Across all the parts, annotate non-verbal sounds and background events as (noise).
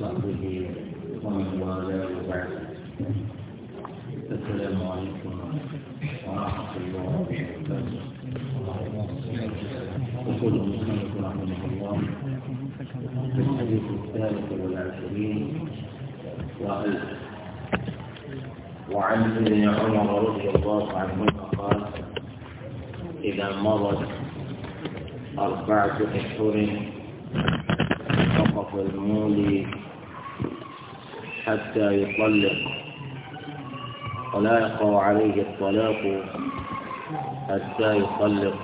وصحبه ومن والاه وبعد السلام عليكم ورحمة الله وبركاته يقول المصنف رحمه الله في الحديث الثالث والعشرين وألف وعن ابن عمر رضي الله عنهما قال إذا مضت أربعة أشهر وقف المولي حتى يطلق ولا يقع عليه الطلاق حتى يطلق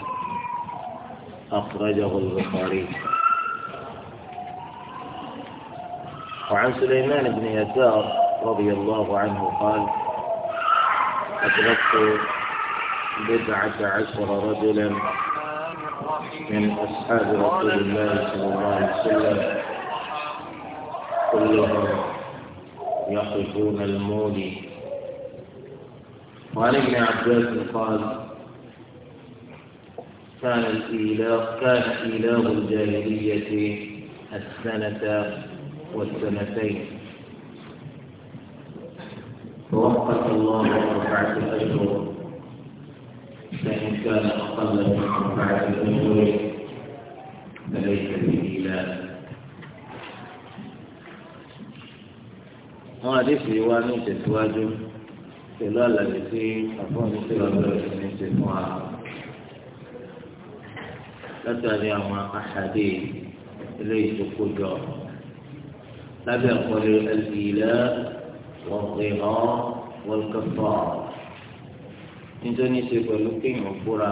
أخرجه البخاري وعن سليمان بن يسار رضي الله عنه قال أدركت بضعة عشر رجلا من أصحاب رسول الله صلى الله عليه وسلم كلهم يقفون المولي وعن ابن عباس قال كان الإله كان إله الجاهلية السنة والسنتين توفق الله أربعة أشهر فإن كان أقل من أربعة أشهر فليس بإيلاف wọn àdéhùn yìí wá ní ìtẹ̀síwájú pẹ̀lú àlàyé tí àfọ̀nù tí wọ́n bẹ̀rẹ̀ sí ní ti fún wa látàrí àwọn àṣàdé ilé ìdókòjọ lábẹ́ àkọlé ẹlẹ́dìílẹ́ wọ́n pè ọ́ wọ́n nítorí ṣe pẹ̀lú kéèyàn búra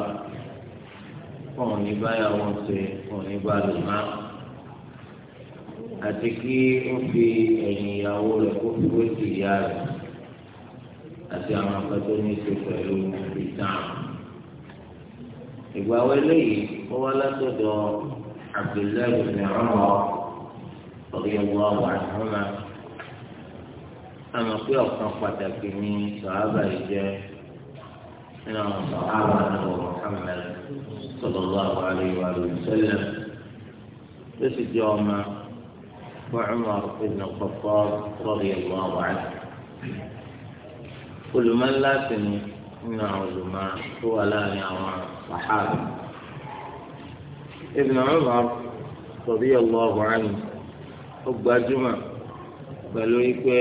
fún òní báyà wọn ṣe òní bá lò máa àti kí ó fi ẹ̀yìn ìyàwó rẹ̀ kó fi wé sí ìyá rẹ̀ àti àwọn akẹ́kọ̀ọ́ tó ní í ṣe pẹ̀lú ìtàn. ìgbà wo eléyìí ó wá látọ̀dọ̀ Abdullahi bin Umar radiyallahu anhuma àmọ́ pé ọ̀kan pàtàkì ní sàhábà yìí jẹ́ nínú àwọn sàhábà náà Muhammad sallallahu alaihi wa sallam ló sì jẹ́ ọmọ. وعمر بن الخطاب رضي الله عنه كل من لا سن من علماء هو لا يرى صحابة ابن عمر رضي الله عنه حب جمع pẹ̀lú ikpe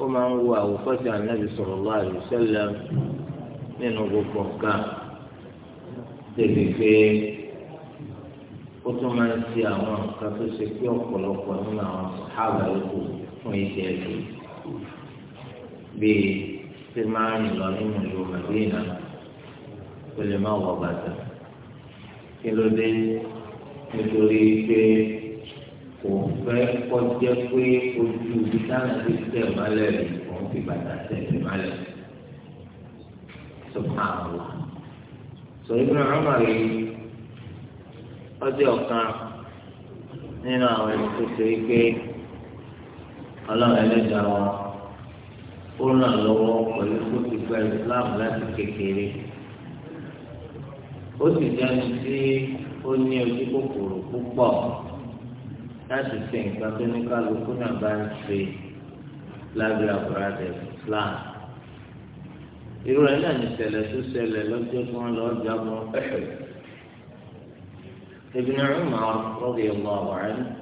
ó máa ń wo àwòkọ́sí ànábì sallallahu alaihi wasallam nínú gbogbo ó tún máa ń ṣe àwọn nǹkan tó ṣe pé ọ̀pọ̀lọpọ̀ nínú àwọn sàhábà yòókù fún iṣẹ́ ẹ̀sìn bíi ṣe máa ń rìn lọ nínú ìlú Màdínà tó lè má wọ bàtà kí ló dé nítorí pé kò fẹ́ kọjá pé ojú ibi táwọn ti tẹ̀ mọ́lẹ̀ rí òun fi bàtà tẹ̀ mọ́lẹ̀ subhanallah sọ ibi náà ọmọ rẹ̀ yìí. ọjọ́ kan nínú àwọn ẹni tó ṣe é pé ọlọ́run ẹlẹ́dàá wọn ó ràn lọ́wọ́ pẹ̀lú tó ti gba Islam láti kékeré ó sì jáde sí ó ní ojú kòkòrò púpọ̀ láti ṣe nǹkan tó ní kálukú náà bá ń ṣe lábẹ́ àbúradẹ Islam irú rẹ̀ náà ní tó ṣẹlẹ̀ Ibn Umar radiyallahu anhu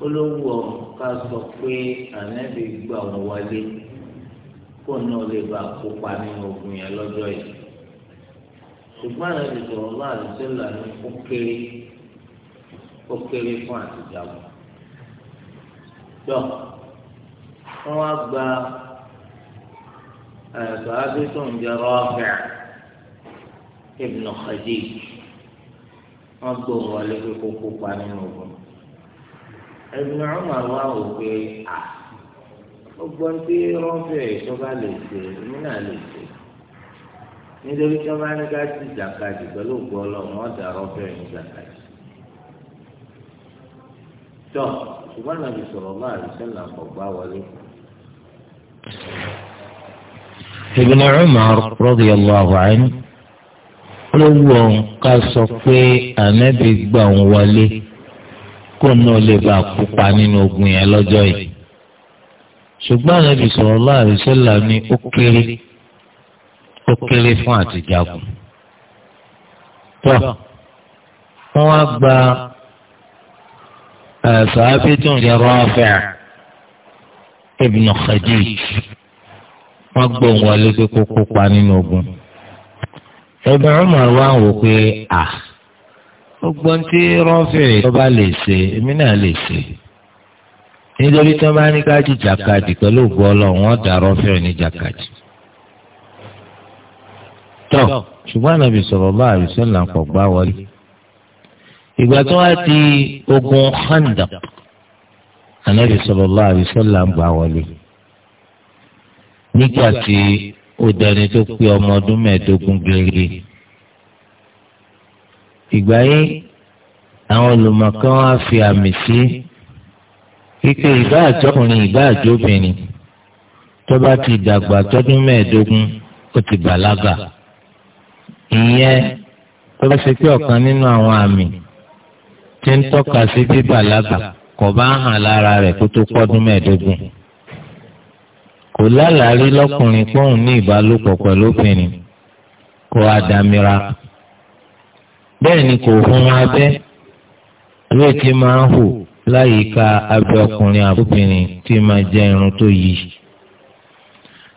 olówó ká sọ pé ànábì gbà wọn wọlé kó náà lè bá kópa nínú ogun yẹn lọ́jọ́ yìí ṣùgbọ́n ànábì sọ̀rọ̀ bá àdìsẹ́là ní ó kéré ó kéré fún àtìjáwó tó wọn wá gba àgbà abẹ́tọ̀ ń jẹ́ rọ́ọ̀fẹ́ ibn Khadij wọn gbọ́ wọlé pé kó kópa nínú ogun Ibn Umar wá wò pé à gbogbo ń tí rọ́fẹ̀ ìjọba lè ṣe èmi náà lè ṣe nítorí tí wọn bá ní ká ti jàkadì pẹ̀lú ògbó Ọlọ́run ọ̀dà rọ́fẹ̀ ní jàkadì tọ́ ṣùgbọ́n Nàbì sọ̀rọ̀ bá àdìsẹ́ là kọ̀ gbá wọlé. Ibn Umar radiyallahu anhu ó wọ ká sọ pé ànábì gbà ń wọlé kó náà lè bá kópa nínú ogun yẹn lọ́jọ́ yìí ṣùgbọ́n ànábì sallallahu alaihi wasallam ni ó kéré ó kéré fún àtijágun tọ́ wọ́n wá gba sàábì tó ń jẹ́ Rafi' ibn Khadij wọ́n wọlé pé kó kópa nínú ogun. Ibn Umar wá wò pé à gbogbo tí rọ́fìrì tó bá lè ṣe èmi náà lè ṣe nítorí tí wọ́n bá ní ká jìjà kadì pẹ̀lú ògbọ́ ọlọ́run wọ́n dá rọ́fìrì ní jàkadì. tọ́ ṣùgbọ́n ànábì sallallahu alaihi wasallam kò gbá wọlé. ìgbà tó wá di ogun Khandaq ànábì sallallahu alaihi wasallam gbá wọlé. nígbà tí ó dẹni tó pé ọmọ ọdún mẹ́ẹ̀ẹ́dógún gírígírí. ìgbà yìí àwọn olùmọ̀kan á fi àmì sí wípé ìbá àjọkùnrin ìbá àjọbìnrin tó bá ti dàgbà tọdún mẹ́ẹ̀ẹ́dógún ó ti bàlágà ìyẹn tó bá ṣe pé ọ̀kan nínú àwọn àmì tí ń tọ́ka sí bíbàlágà kò bá hàn lára rẹ̀ kó tó pọ́dún mẹ́ẹ̀ẹ́dógún. kò lálàárí lọ́kùnrin pọ́ùn ní ìbálòpọ̀ pẹ̀lú obìnrin kò àdàmìra bẹ́ẹ̀ ni kò hun abẹ́ abẹ́ tí máa ń hù láyìíká abẹ́ ọkùnrin àbóbìnrin tí máa jẹ́ irun tó yí.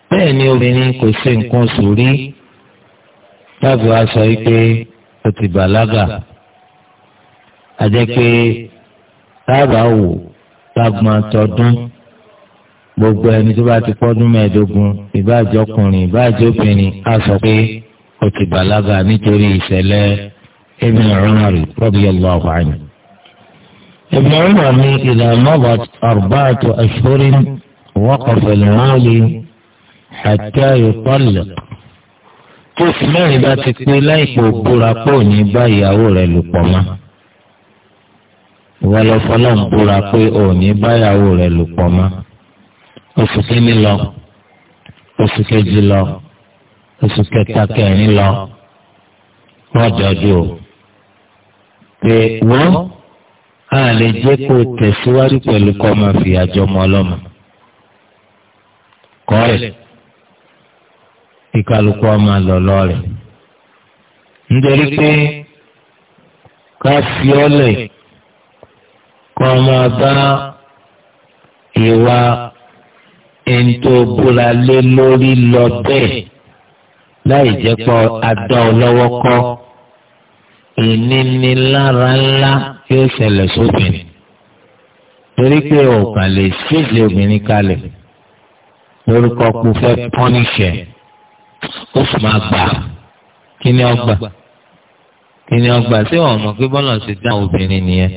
bẹ́ẹ̀ ni obìnrin kò ṣe nǹkan oṣù rí tàbí wàá sọ pé ó ti bàlágà àjẹ́ pé táàbà wò lágbọ́n tọdún gbogbo ẹni tó bá ti pọ́dún mẹ́ẹ̀ẹ́dógún ìbáàjẹ́ ọkùnrin ìbáàjẹ́ obìnrin á sọ pé ó ti bàlágà nítorí ìṣẹ̀lẹ̀ Ibn Umar radiyallahu anhu. Ibn Umar ní idha madat arba'atu ashhurin waqafa al-wali hatta yutallaq. tó sì mẹ́rin bá ti pé láìpẹ́ òbúra pé òní bá ìyàwó rẹ̀ lò pọ̀ mọ́. ìwọ fọlọ́n búra pé òní bá rẹ̀ lò pọ̀ mọ́ oṣù kìíní lọ oṣù kejì lọ oṣù kẹta kẹrin lọ wọ́n jọjú o pé wọ́n á lè jẹ́ kó tẹ̀síwájú pẹ̀lú kọ́ máa fi àjọ ọmọ ọlọ́mọ kọ́rẹ̀ kí ọmọ lọ lọ́rẹ̀ nítorí pé ká fi ọ́ lẹ̀ kọ́ máa bá ìwà ẹni tó búra lé lórí lọ bẹ́ẹ̀ láì jẹ́ pọ̀ adán ọlọ́wọ́ kọ́ ìnínilára ńlá yóò ṣẹlẹ̀ sóbìnrin torí pé ọ̀kan lè ṣèṣe obìnrin kalẹ̀ lórúkọ kò fẹ́ pọ́nìṣẹ̀ ó sì máa gbà kí ni ọgbà kí ni ọgbà sí ọ̀nà pé bọ́lá ṣe dá obìnrin nìyẹn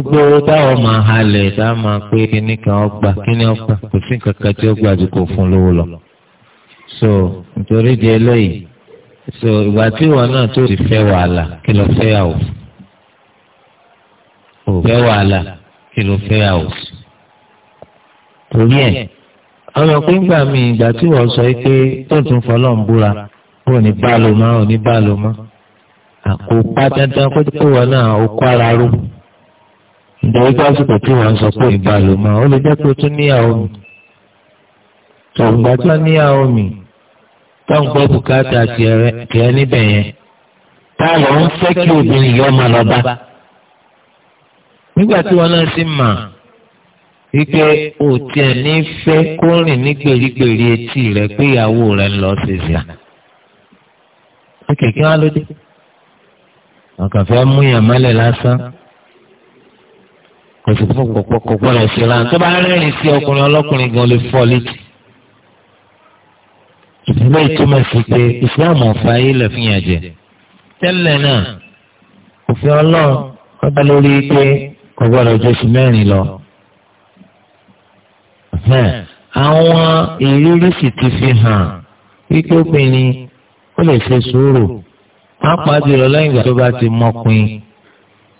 gbogbo owó táwọn máa halẹ̀ tá a máa pé kíní kan ọgbà kíní ọgbà kò sí nǹkan kan tí ó gbà ju kò fún lówó lọ. so nítorí di eléyìí so ìgbà tí ìwọ náà tó ti fẹ́ wàhálà kí ló fẹ́ yà wò ò fẹ́ wàhálà kí ló fẹ́ yà wò. torí ẹ̀ ọmọ pé ńgbà mi ìgbà tí wọ́n sọ pé tó tún fọlọ́ ń búra ò ní bá lò mọ́ ò ní bá lò mọ́ àkópa dandan kó tó wọ náà ó kó ara ró ìdàrí pásítọ̀ tí wọ́n sọ pé ìbálòmọ́ ó lè jẹ́ pé ó tún níyàwó mi tọ̀gbà tó níyàwó mi tó ń gbọ́ bùkátà tiẹ̀ níbẹ̀ yẹn táwọn ń fẹ́ kí obìnrin yọ ọmọ lọ bá nígbà tí wọn náà sì mà wípé o tiẹ̀ ní fẹ́ kó rìn ní gbèrígbèrí etí rẹ̀ pé ìyàwó rẹ̀ ń lọ ṣèṣì à kẹ̀kẹ́ wọn ló dé ọ̀kànfẹ́ mú yàn mọ́lẹ̀ lásán kò sì fún kọ̀pọ̀ kò gbọ́dọ̀ ṣe ra tó bá rẹ́rìn sí ọkùnrin ọlọ́kùnrin gan lè fọ́ létí. ìdílé ìtumọ̀ sí pé islam ọ̀fà ilẹ̀ fi yàn jẹ. tẹ́lẹ̀ náà òfin ọlọ́run wọ́n dá lórí pé kò gbọ́dọ̀ ju oṣù mẹ́rin lọ. àwọn ìrírí sì ti fi hàn wípé obìnrin ó lè ṣe sùúrù pápá jùlọ lẹ́yìn ìgbà tó bá ti mọ́kùnrin.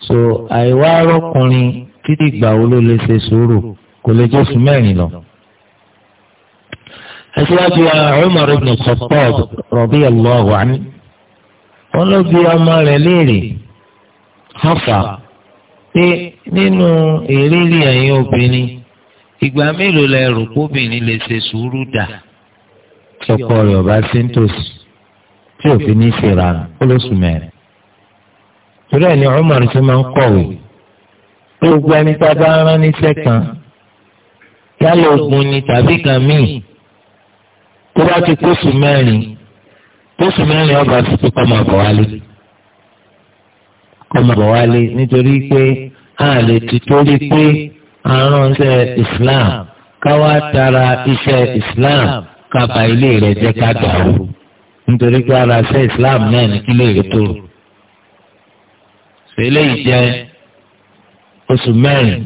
so àìwá arọ́kùnrin títí ìgbà wo ló lè ṣe sùúrù kò lè jẹ́ oṣù mẹ́rin lọ. aṣíwájú Umar ibn Khattab radiyallahu anhu wọn ló bi ọmọ rẹ̀ léèrè Hafsa pé nínú ìrírí ẹ̀yin obìnrin ìgbà mélòó lẹ rò kóbìnrin lè ṣe sùúrù dà. sọkọ rẹ̀ ọba sí nítòsí tí òfin ní ṣe rà ó lóṣù mẹ́rin. torí ni Umar ti máa ń kọ̀wé gbogbo ẹni tá a bá rán níṣẹ́ kan yálà ogun ni tàbí kan míì tó bá ti kóṣù mẹ́rin kóṣù mẹ́rin ọba ti tó kọ́mọ bọ̀ wálé kọ́mọ bọ̀ wálé nítorí pé a lè ti torí pé aránṣẹ́ Islam káwá tara iṣẹ́ Islam kaba ilé rẹ̀ jẹ́ ká dàrú nítorí pé aránṣẹ́ Islam náà ní kílè rẹ̀ tó rò. sẹ́lẹ̀ yìí jẹ́ oṣù mẹ́rin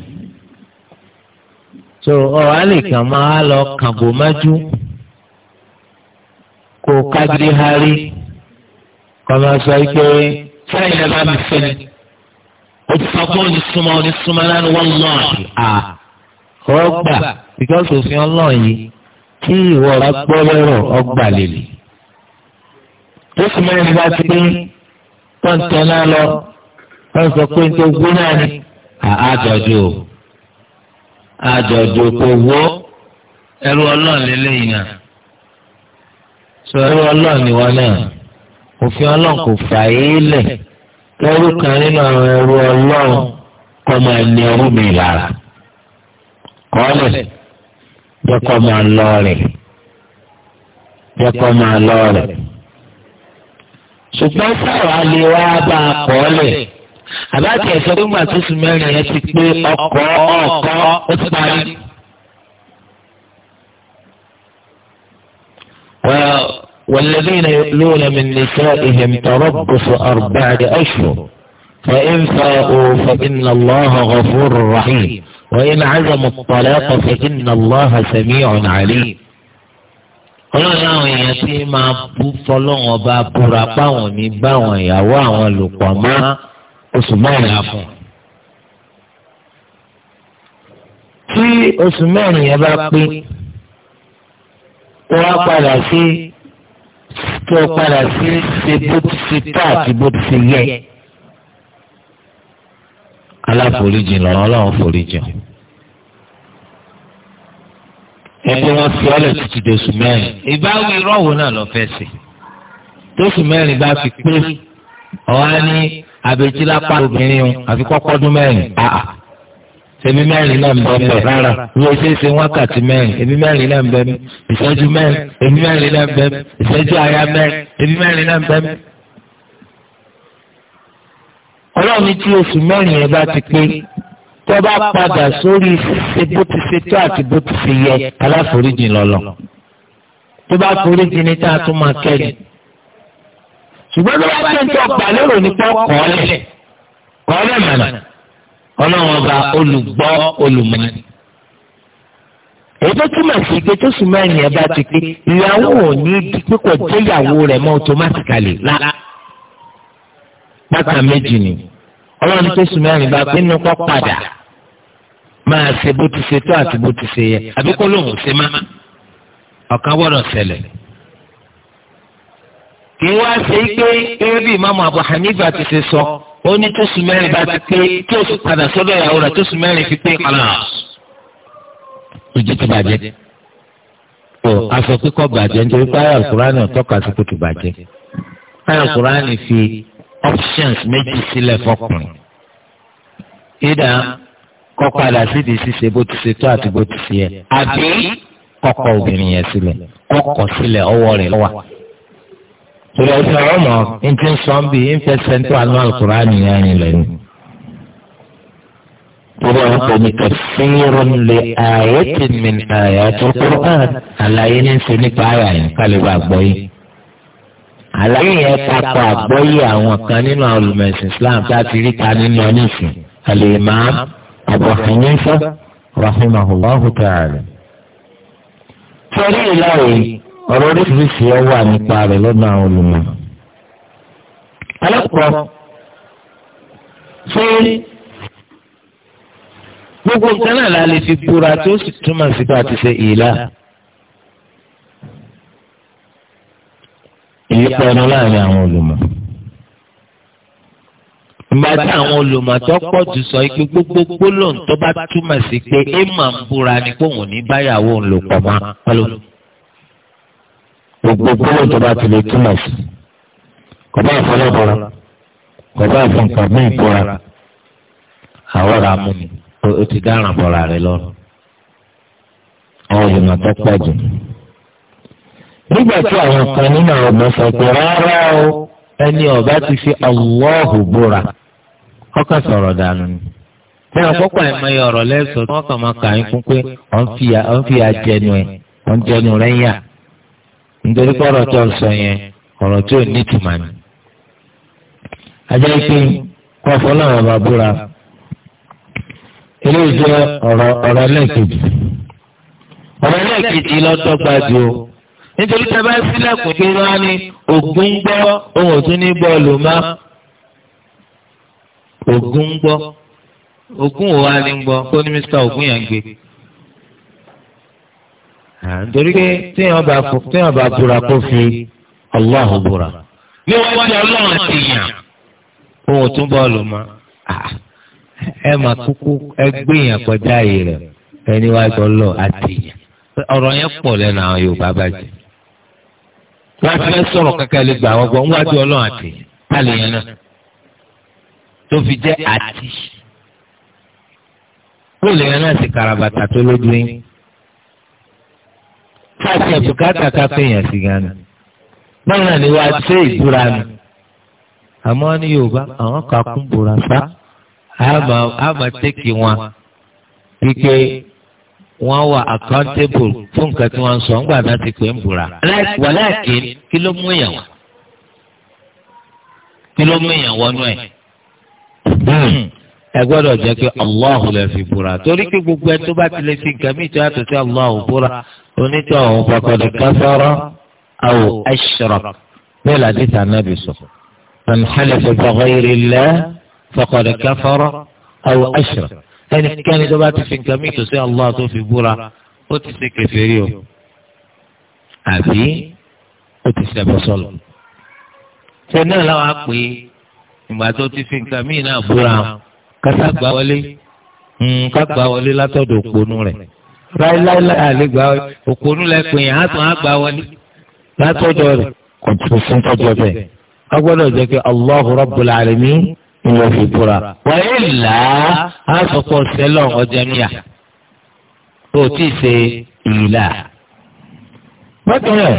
so ọ̀rọ̀ àlìkàn máa lọ kàǹgò májú kó kájí hárí kọ́ máa sọ pé sẹ́yìn ẹ̀ bá mi fẹ́ ni o ti sọ pé òní súnmọ́ òní súnmọ́ lánàá wọ́n lọ́ àti à ọ́ because òfin ọlọ́run yìí tí ìwọ ọ̀rá gbọ́ lọ́rọ̀ ọgbà lèlè oṣù mẹ́rin bá ti pé tọ́ǹtẹ̀ náà lọ wọ́n sọ pé nítorí gbóná ni. àjọjò àjọjò kò wó ẹrú ọlọ́run lélẹ́yìn náà sọ ẹrú ọlọ́run ni wọn náà òfin ọlọ́run kò fà é lẹ̀ kẹrù kan nínú àwọn ẹrú ní ẹrú mi lára kọ́lẹ̀ máa lọ rẹ̀ máa àbáàtì ẹ̀sọ́ tó ń gbà tó sùn mẹ́rin والذين يؤلون من نسائهم تربص أربعة أشهر فإن فاءوا فإن الله غفور رحيم وإن عزموا الطلاق فإن الله سميع عليم قلنا يتيما بفلون وبابورا باوني باوني وواوا لقماء oṣù mẹ́rin á fún un. tí oṣù mẹ́rin yẹn bá pé wọ́n á padà sí kí o padà sí ṣe bó ti ṣe tó àti bó ti ṣe yẹ. aláforíjì lọ́wọ́ ọlọ́run foríjì. ẹgbẹ́ wọn fi ọlẹ̀ títí di oṣù mẹ́rin. ìbáwí rọ́wọ́ náà lọ fẹ́ sí. tóṣù mẹ́rin bá fi pé ọ̀hání àbètí lápá obìnrin o àfi kọ́kọ́dún mẹ́rin àà ah, èmi ah. mẹ́rin náà ń bẹ mẹ́ rárá wọ́n ṣe é ṣe wákàtí mẹ́rin èmi mẹ́rin náà ń bẹ mẹ́ ìṣẹ́jú mẹ́rin èmi mẹ́rin náà ń bẹ mẹ́ ìṣẹ́jú àyà mẹ́rin èmi mẹ́rin náà ń bẹ mẹ́. ọlọ́run ní tí oṣù mẹ́rin yẹn bá ti pé tó bá padà sórí ṣe bó ti ṣe tó àti bó ti ṣe yẹ aláforíjì lọ́lọ́ tó bá foríjì ní tá a máa kẹ́rin ṣùgbọ́n tó bá bá ń tọ́ gbàlérò nípa kọ́ọ́lẹ̀ kọ́ọ́lẹ̀ mọ̀nà ọlọ́run ọba olùgbọ́ olùmọ̀ni. èyí tó túmọ̀ sí pé tó sì máa ń yẹn bá ti pé ìyàwó ò ní di pípọ̀ jẹ́ rẹ̀ mọ́ automatically lá. bákan méjì ni ọlọ́run tó sì máa ń bá pé nínú kọ́ padà máa ṣe bó ti ṣe tó àti bó ti ṣe yẹ àbíkó lòun ṣe má ọ̀kan gbọ́dọ̀ ṣẹlẹ̀ kì í wá ṣe pé eré bí ìmáàmù Abu Hanifa ti ṣe sọ ó ní tó sùn mẹ́rin bá ti pé tí o sì padà sọ́dọ̀ ìyàwó rẹ̀ tó sùn mẹ́rin fi pé kàlà. ojú ti bàjẹ́ o aṣọ kíkọ́ bàjẹ́ nítorí pé ayọ̀ kúránì ọ̀tọ́ka sí kò ti bàjẹ́ ayọ̀ kúránì fi options méjì sílẹ̀ fọkùnrin ìdá kọ́ padà sídìí ṣíṣe bó ti ṣe tó àti bó ti ṣe yẹ àbí kọ́kọ́ obìnrin yẹn sílẹ̀ kọ́kọ́ sílẹ̀ ọwọ́ rẹ̀ lọ́wọ́ torí ẹsẹ̀ ọmọ ntí sọ́nbì ńfẹsẹ̀ntì àlọ́ àlùkùrá nìyẹn nílẹ̀ ni. torí àwọn tẹ̀lé kẹfìrì lè ààyè tì mí ààyè àtúkúrú kan àlàyé ní ṣe nípa àyà yẹn kálíbà gbọ́ yìí. àlàyé yẹn papọ̀ àgbọ́yé àwọn kan nínú àwọn olùmọ̀ẹ̀sìn Islam láti rí ta nínú ọ̀nìsìn Al-Imam Abu Hanifa rahimahullahu ta'ala. torí ìlà yìí ọ̀rọ̀ oríṣiríṣi ẹ wà nípa rẹ̀ lọ́nà àwọn olùmọ̀. alákọ̀ọ́ ṣé gbogbo nǹkan náà la lè fi búra tó sì túmọ̀ sí pé a ti ṣe ìlà. ìyípa ẹnu láàrin àwọn olùmọ̀. Ìgbà tí àwọn olùmọ̀ tó pọ̀ jù sọ pé gbogbo gbólóhùn tó bá túmọ̀ sí pé èèmọ̀ ń búra ni pé ní báyàwó ń lò pọ̀ mọ́. gbogbo gbogbo tó ti lè túmọ̀ sí kò àfọlọ́bọ̀rọ̀ kò bá àwọn ti dáràn rẹ àwọn tó jù. nígbà tí àwọn kan nínú àwọn ọmọ sọ pé o ẹni ọba ti fi àwòhù búra ọkàn sọ̀rọ̀ dànù ni. bí wọn kọ́kọ́ ẹ̀ mọ iye ọ̀rọ̀ lẹ́sọ̀ọ́ tí wọ́n kàn máa kà á fún pé wọ́n nítorí pé ọ̀rọ̀ tó ń sọ yẹn ọ̀rọ̀ tó ní ìtumọ̀ ni. ajá ike kọ́ fọlọ́wọ́ bá búra eléyìí jẹ́ ọ̀rọ̀ ọ̀rọ̀ ẹlẹ́ẹ̀kejì ọ̀rọ̀ ẹlẹ́ẹ̀kejì lọ́dọ́gba ju o nítorí tẹ bá sílẹ̀kùn pé wọ́n á ní ògùn gbọ́ ohun ọ̀tún ní bọ́ọ̀lù má ògùn gbọ́ ògùn wo wá gbọ́ kó ní mísítà ògùn yẹn gbé. torí pé téèyàn bá búra kó fi Allah búra níwájú ọlọ́run ti yàn ohun tún bọ́ọ̀lù mọ́ ah, ẹ mà kúkú ẹ gbìyàn kọjá yìí rẹ ẹni wá gbọ́ lọ àti yàn ọ̀rọ̀ yẹn pọ̀ lẹ́nu àwọn Yorùbá bàjẹ́ wọ́n ti fẹ́ sọ̀rọ̀ kankan lè gbà wọ́n gbọ́ níwájú ọlọ́run àti yẹn náà tó fi karabata tó lójú káàtì ẹ̀bùkátà ká péyàn sí gánà báwo náà ni wàá ṣe ìbúra ni àmọ́ ní yorùbá àwọn kà kún bùrà sá àmà tẹ́kì wọn wípé wọ́n wà accountable fún nǹkan tí wọ́n ń sọ ńgbà náà ti pè ń bùrà. wàláàkín kí ló mú èèyàn wá kí ló mú èèyàn wọnú ẹ̀ hmm. ẹ gbọ́dọ̀ jẹ́ pé Allahu lè fi bùrà torí pé gbogbo ẹ tó bá ti lè fi nǹkan mìíràn tó yàtọ̀ sí Allahu bùrà onítọ̀ ọ̀hún fakọ̀dé káfárọ́ àwò ẹ̀ṣọ̀rọ̀ bẹ́ẹ̀ làdí tànàbì sọ. man halafa bi ghayri Allah fakọ̀dé káfárọ́ àwò ẹ̀ṣọ̀rọ̀ ẹnikẹ́ni tó bá ti fi nǹkan mìíràn sí Allah tó fi búra ó ti ṣe kèfèrí o àbí ó ti ṣe bọ́sọ̀lọ̀. ṣé náà láwa pé ìgbà tó ti fi nǹkan mìíràn búra kásá gbà wọlé hmm, kásá gbà wọlé látọ̀dọ̀ òpónú rẹ̀ láíláíláí àlégbà òkúrú lẹ́pìn yẹn àtún àgbà wọlé látọ̀dọ̀ rẹ̀ kò tó fún tọ́jọ́ bẹ́ẹ̀. a gbọ́dọ̀ jẹ́ pé Allahu Rabbul Alamin ni wọ́n fi búra. wọ́n yé là á sọ̀kọ̀ sẹ́lọ̀ ọjọ́ níyà tó tí ì ṣe ìlà. bákan náà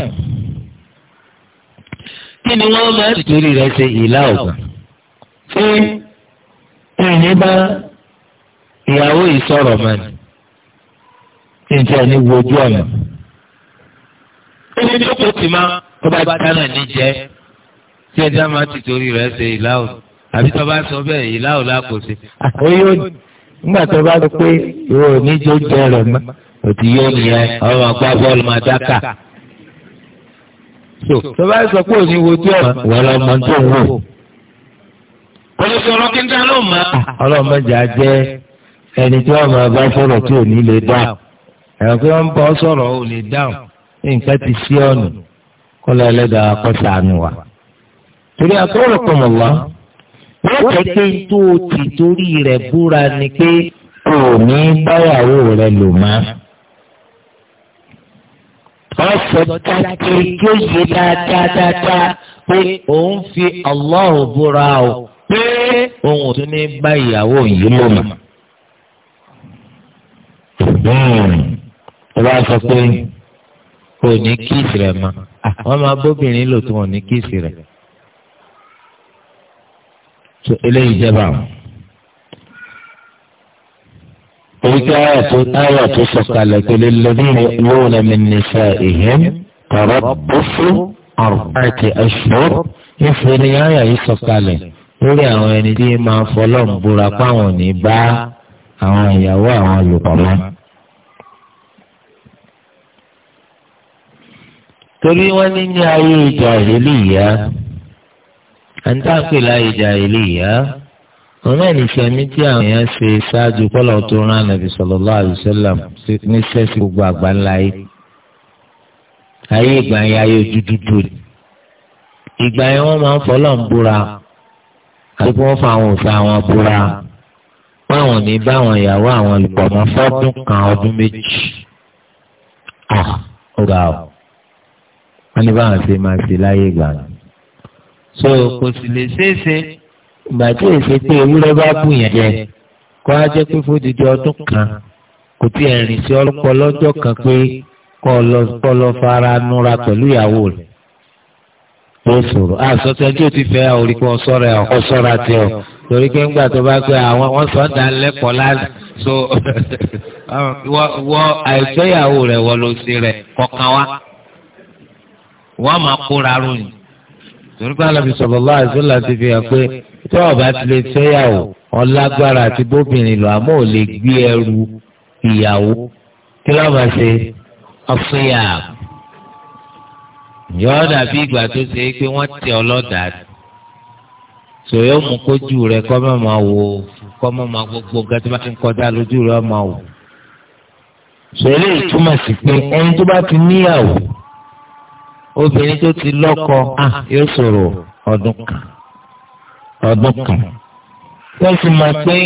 kí ni wọ́n máa ń torí rẹ̀ ṣe ìlà ọ̀gbà? ṣé ìyẹn bá ìyàwó ìsọ̀rọ̀ mọ́ni? tí ní wojú ọ̀nà. Ebi kò máa tó bá dáná tí ẹja máa ti torí rẹ̀ ṣe ìláwò àbí tó bá sọ bẹ́ẹ̀ ìláwò lápò sí. nígbà tó bá sọ pé ìwọ ò ní jó jẹ rẹ̀ mọ́ òtí yóò nìyẹn ọmọ àgbà bọ́ọ̀lù máa dákà. Tó bá sọ pé òní wojú ọ̀nà wọ́n lọ mọ tó ń wò. Olùsọ̀rọ̀ kí n dá ẹ̀rọ pé wọ́n ń bọ́ sọ̀rọ̀ ò lè dáhùn ní nǹkan ti sí ọ̀nà kó lọ ẹlẹ́dàá kọ́sà àánú wa. torí àtọ́rọ̀ pọ̀ mọ̀ wá wọ́n jẹ́ pé tó o ti torí rẹ̀ búra ni pé kò ní báyàwó rẹ̀ lò má. wọ́n sọ dáké tó yé dáadáa pé òun fi Allahu búra o pé òun tún ní báyàwó yìí lò má. Hmm ẹ bá sọ pé kò ní kíìsì rẹ̀ mọ́ wọ́n máa bóbìnrin lò tí wọ́n ní kíìsì rẹ̀ tó eléyìí jẹba o. Oríkì ayọ̀ tó ayọ̀ tó sọ̀kalẹ̀ pé lẹ́lẹ́dínlẹ́ yóò lẹ́ mi ìhẹ́n tọ̀rọ̀ bọ́sù àti ẹ̀ṣọ́ ìfẹ́ ni ayọ̀ yìí sọ̀kalẹ̀ lórí àwọn ẹni tí máa fọlọ́ ń búra páwọn ní bá àwọn ìyàwó àwọn olùkọ́ mọ́. torí wọ́n ní ní ayé jàhílíyà àǹtàpè láyé jàhílíyà ọ̀nà ìṣẹ̀mí tí àwọn èèyàn ṣe ṣáájú kọ́lọ̀ tó rán ànàbì sallallahu alaihi wasallam ní sẹ́sì gbogbo àgbáńlá yìí ayé ìgbà yẹn ayé ojú dúdú ni ìgbà yẹn wọ́n máa ń fọlọ́ ń búra àti kí wọ́n fa àwọn òfin àwọn búra wọ́n àwọn ní bá àwọn ìyàwó àwọn olùpọ̀ mọ́ fọ́dún kan ọdún méjì. Ah, ó ga wọ́n ní báwọn ṣe máa ṣe láyé ìgbà wọn. so kò sì lè ṣeéṣe ìgbà tí èsì pé ewúrẹ́ bá bù yẹn jẹ kó á jẹ́ pé fódìdí ọdún kan kò tí ẹ̀ rìn sí ọlọ́pọ̀ lọ́jọ́ kan pé kọ́ lọ fara núra pẹ̀lú ìyàwó rẹ̀ tó sòrò àsọtẹ ah, tí o ti fẹ́ orí kan sọ̀rọ̀ ẹ ọkọ sọ̀rọ̀ àti ọ torí pé ńgbà tó bá gbé àwọn wọn sọ ń láti so wọ àìsọyàwó rẹ wọ ló ṣe rẹ kọkàn wa wọ́n máa kóra ró ni. torí pé alábi sallallahu alaihi wasallam ti fi hàn pé tí ọba ti lè fẹ́yàwó ọlágbára àti bóbìnrin lọ àmọ́ ò lè gbé ẹrù ìyàwó kí ló máa ṣe ọ̀fìyà. yọ̀ọ́ dàbí ìgbà tó ṣe é pé wọ́n tẹ ọlọ́dà sòyó mú kójú rẹ kọ́ mọ́ máa wò kọ́ mọ́ máa gbogbo gẹ́tí bá ti ń kọjá lójú rẹ máa wò. sòyó lè túmọ̀ sí pé ẹni tó bá ti níyàwó obìnrin tó ti lọ́kọ ah, yóò sọ̀rọ̀ ọdún kan ọdún kan wọ́n fi mọ̀ pé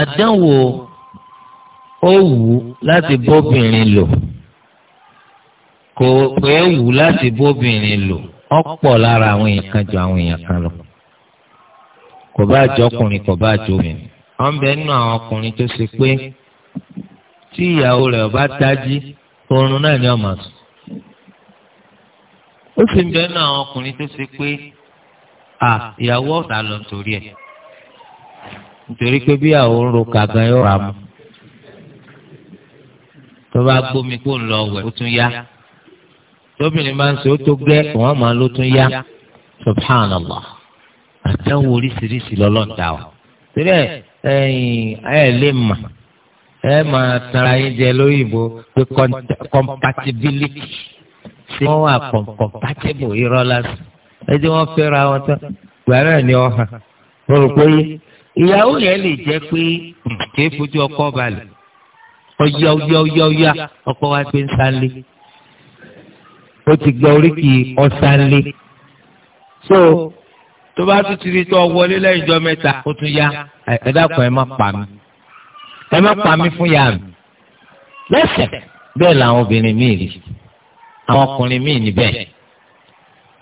àdánwò ó wù láti bóbìnrin lò kò pé wù láti bóbìnrin lò ọ̀pọ̀ lára àwọn èèyàn kan ju àwọn èèyàn kan lọ kò bá àjọ kò bá àjọ wọ́n bẹ nínú àwọn ọkùnrin tó ṣe pé tí ìyàwó rẹ̀ bá dájí oorun náà ni ó máa sùn ó sì ń bẹ́ẹ̀ náà àwọn ọkùnrin tó ṣe pé à ìyàwó ọ̀tá lọ nítorí ẹ̀ nítorí pé bí àwọn ń ro kàgan yóò rà mú tó bá gbómi kó ń lọ wẹ̀ ó tún yá tóbìnrin máa ń ṣe ó tó gbẹ́ wọ́n máa ló tún yá subhanallah àtẹ̀wò oríṣiríṣi lọ́lọ́ta o torí ẹ̀ ẹ̀yìn ẹ̀ lè mà ẹ̀ máa tara yín jẹ lóyìnbó pé compatibility tí wọ́n wà kọ̀ǹpátébù irọ́ lásán ẹ jẹ́ wọ́n fẹ́ra wọn tán gbàrà ni ọ hàn mo rò pé ìyàwó yẹn lè jẹ́ pé hmm, kì í fojú ọkọ balẹ̀ ọyá ọyá ọyá ọyá ọkọ wa gbé nsánlé ó ti gba oríkì ọsánlé so tó bá tún ti rí tó wọlé lẹ́yìn ìjọ mẹ́ta ó tún yá ẹ dákun ẹ má pa mí ẹ má pa mí fún yàrá lẹ́sẹ̀ bẹ́ẹ̀ làwọn obìnrin míì rí i. àwọn ọkùnrin míì níbẹ̀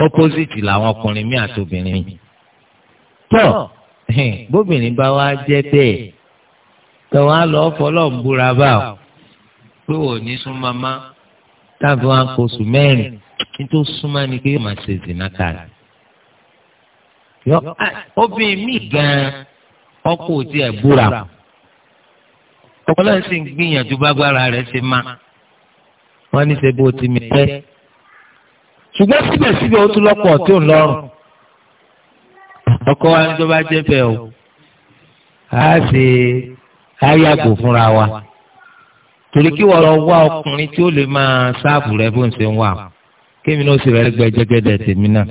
opposite làwọn ọkùnrin míì àti obìnrin míì. tọ́ bóbìnrin bá wá jẹ́ bẹ́ẹ̀ tọ́wọ́n lọ fọlọ́ bá pé ní sún táàbí wọn kò sùn mẹ́rin súnmọ́ ni pé yóò máa ṣe ìdènà wọ́n ní sebo ti mi pẹ́ ṣùgbọ́n síbẹ̀síbẹ̀ ó tún lọ́pọ̀ tó ń lọ́rùn ọkọ wa ní tó bá jẹ́ bẹ́ẹ̀ o á ṣe á yàgò fúnra wa torí kí wọ́n lọ wá ọkùnrin tí ó lè máa ṣáàbù rẹ bó ń ṣe ń wà kémi náà ó sì rẹ gbẹ jẹgẹdẹ tèmi náà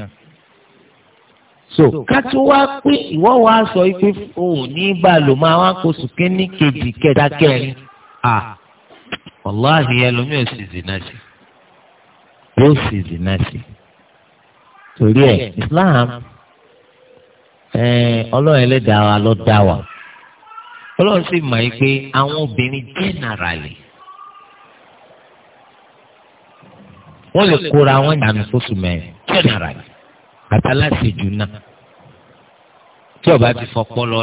so kátó wá pé ìwọ wa sọ pé òun ní balùwẹ̀ máa wá kó sùn kínní kejì kẹta kẹrin Ah wàláhì ẹlòmíì ò sì zìnà sí yóò sì zìnà sí torí ẹ Islam ọlọ́run ẹlẹ́dàá wa ló dá wa ọlọ́run sì mọ̀ pé àwọn obìnrin wọ́n lè kóra ọba ti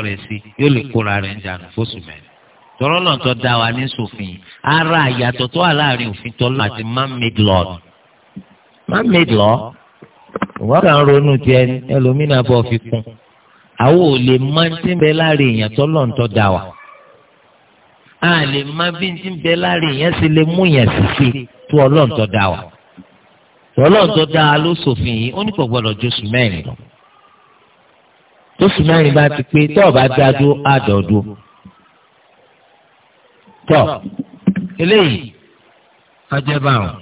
rẹ̀ sí yóò lè kóra rẹ̀ tọrọ náà tó dá wa ní sòfin ara àyàtọ̀ tó wà láàrin òfin tọ́lọ́ àti man-made law man-made law wọ́n kàn ronú tiẹ̀ ní ẹlòmínà bọ́ fi kún àwọn ò lè má ti bẹ láàrin èèyàn tọ́lọ́ ń tọ́ dá wa a lè má bí ti bẹ láàrin èèyàn sì lè mú yẹn sísè tó ọlọ́run tó dá wa ọlọ́run tó dá ló sòfin yìí ó ní kò gbọdọ̀ jóṣù mẹ́rin lọ tóṣù mẹ́rin bá ti pé tọ́ọ̀ bá dá dúró tọ́ eléyìí ajẹ́bà wọn.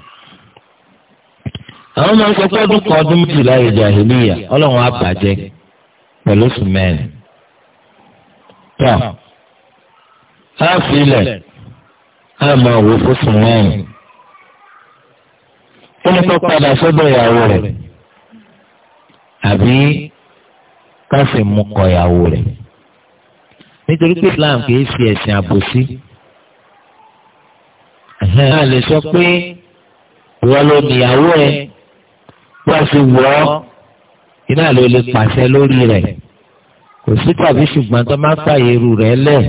àwọn máa ń sọ pé ọdún kan ọdún méjìlá jàhílíyà ọlọ́run á bàjẹ́ pẹ̀lú oṣù mẹ́rin. tọ́ á fi ilẹ̀ á máa wò fóṣù mẹ́rin. ó ní kó padà sọ́dọ̀ ìyàwó rẹ̀ àbí ká sì mú kọ ìyàwó rẹ̀. nítorí pé Islam kì í fi ẹ̀sìn àbòsí náà lè sọ pé ìwọ ló níyàwó ẹ wọ́n fi wọ́ iná ló lè pàṣẹ lórí rẹ̀ kò sí tàbí ṣùgbọ́n tó máa fààyè irú rẹ̀ lẹ̀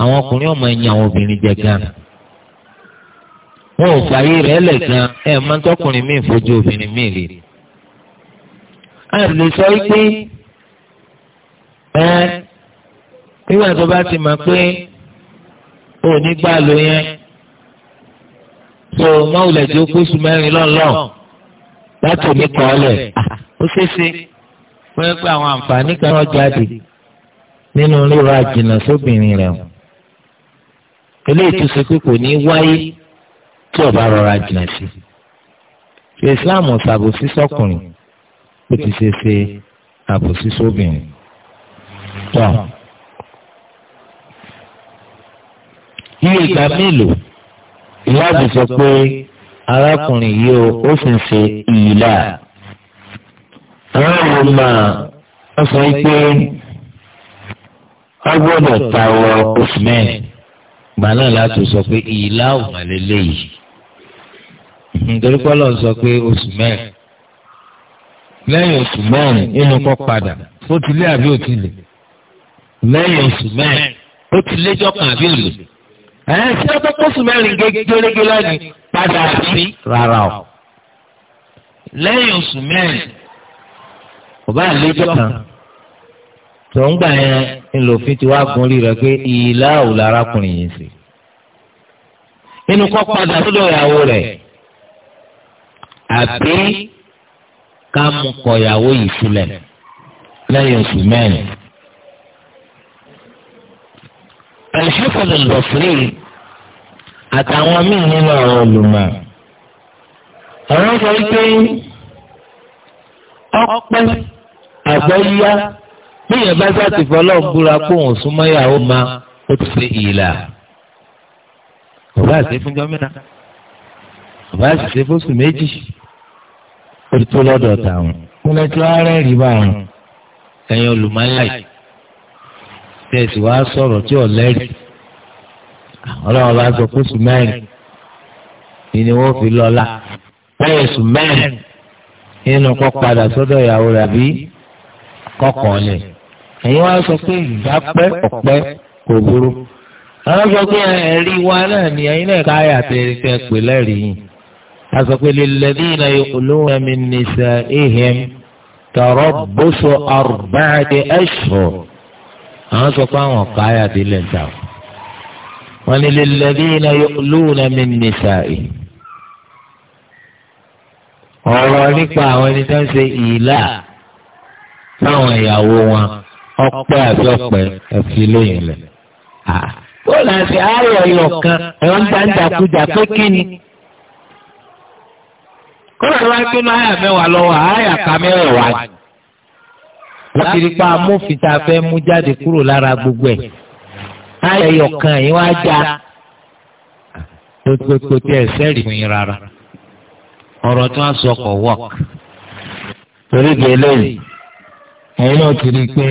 àwọn ọkùnrin ọmọ ẹ̀yìn àwọn obìnrin jẹ gan wọn ò fààyè rẹ̀ lẹ̀ gan ẹ̀ máa tọkùnrin míì fojú obìnrin míì rí a lè sọ pé ẹ nígbà tó bá ti mọ̀ pé òní gbà ló tó mọ́wùlẹ̀ tí ó kó oṣù mẹ́rin lọ́nlọ́ láti òní kan lẹ̀ ah, ó ṣeéṣe pé pé àwọn àǹfààní kan wọ́n jáde nínú ríra jìnnà sóbìnrin rẹ̀ o eléyìí tó ṣe pé kò ní wáyé tí ọba rọra jìnnà sí ṣe Islam ṣàbòsí sọkùnrin ó ti ṣe ṣe àbòsí sóbìnrin tó. iye ìgbà mélòó ìyáàbí sọ pé arákùnrin yìí ó fi ń ṣe ìyìlá. àwọn olùmọ̀ wọ́n sọ pé wọ́n gbọ́dọ̀ tàwọ̀ Usman gbà náà láti sọ pé ìyìlá ò mà lélẹ́yìí. nítorí pọ́lọ́ sọ pé Usman lẹ́yìn oṣù mẹ́rin nínú kọ́ padà ó ti lé àbí ó lè lẹ́yìn oṣù mẹ́rin ó ti léjọ́ kan àbí òlè ẹ̀ ṣé ọtọ́ kóṣù mẹ́rin gégé lónìí padà sí rárá o. lẹ́yìn oṣù mẹ́rin ọba àlejò kan tó ń gbà yẹn ńlọfin ti wá gun orí rẹ pé ìlà òòlù arákùnrin yìí sí. inú kọ́ padà sódò ìyàwó rẹ̀ àbí ká mú kọ ìyàwó yìí sílẹ̀ lẹ́yìn oṣù mẹ́rin. الحسن البصري àtàwọn míì nínú àwọn olùmọ̀ àwọn sọ wípé ọpẹ́ àgbẹ̀yá bíyẹn bá sáàtì fọlọ́ búra kó òun súnmọ́ ìyàwó ma ó ti ṣe ìlà bàbá àti fúnjọ́ mẹ́ta bàbá àti ṣe fóṣù méjì ó ti tó lọ́dọ̀ tàwọn kúnlẹ̀ tí wàá rẹ́rìí bá wọn ẹ̀yin olùmọ̀ ńlá yìí tẹ̀sí wàá sọ̀rọ̀ tí ò lẹ́rìí ọlọ́run bá sọ pé oṣù mẹ́rin ni wọ́n fi lọ́la lẹ́yìn oṣù mẹ́rin nínú kọ́ padà sọ́dọ̀ ìyàwó rẹ̀ àbí kọ́kàn ni ẹ̀yin wá sọ pé ìdápẹ́ ọ̀pẹ́ kò burú àwọn sọ pé ẹ̀rí wa náà ni ẹ̀yin náà káyà tẹ̀ pé lẹ́rìí yìí a sọ pé lilladhina yu'luna min nisa'ihim tarabbusu arba'ati ashhur àwọn sọ pé àwọn káyà délẹ̀ ń ta o wọ́n ní lilladhina yu'luna min nisa'i. ọ̀rọ̀ nípa àwọn ẹni tó ń ṣe ìlà táwọn ìyàwó wọn ọpẹ́ àti ọpẹ́ ẹ̀fí lóyìn lẹ̀. ó là ń ṣe àárọ̀ ọ̀yọ̀ kan ẹ̀rọ ń ta ń jàkújà pé kí ni. kọ́nà ló wá pé ní àyà mẹ́wàá lọ́wọ́ àyà ká wọ́n ti rí pa amófin tá a fẹ́ mú jáde kúrò lára gbogbo ẹ̀ ayọ̀kan yìí wá já gbogbo tí ẹ sẹ́rì fún yín rárá ọ̀rọ̀ tí wọ́n sọ kọ̀ wọ́ọ̀k. torí di eléyìí ẹ̀yin náà ti rí i pé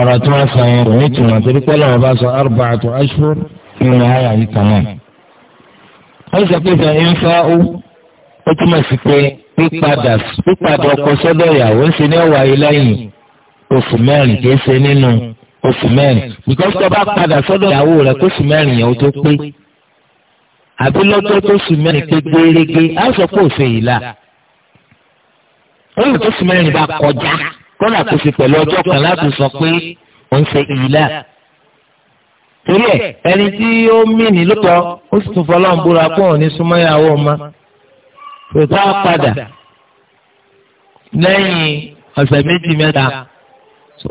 ọ̀rọ̀ tí wọ́n sọ yẹn kò ní ìtumọ̀ torí pé lọ́wọ́ bá sọ arba'atu ashhur nínú àyà yìí kan náà. wọ́n sọ pé ìfẹ́ ń fa ó ó túmọ̀ sí pé pípadà ọkọ sọ́dọ̀ ìyàwó ń ṣe ní ọ̀wà ilé yìí oṣù mẹ́rin kìí ṣe nínú oṣù mẹ́rin because tó bá padà sọ́dọ̀ ìyàwó rẹ̀ kó oṣù mẹ́rin yẹn ó tó pé àbí lọ́jọ́ tó oṣù mẹ́rin pé gbérége á sọ pé òṣè yìí la olùkọ́ oṣù mẹ́rin bá kọjá kọ́nà kò sí pẹ̀lú ọjọ́ kan láti sọ pé ó ń ṣe yìí la torí ẹ ẹni tí ó mì ní lóòótọ́ ó sì tún fọlọ́ ń búra pọ̀ ní súnmọ́ ìyàwó ọmọ kò tá a padà lẹ́yìn ọ̀sẹ̀ méjì mẹ́ta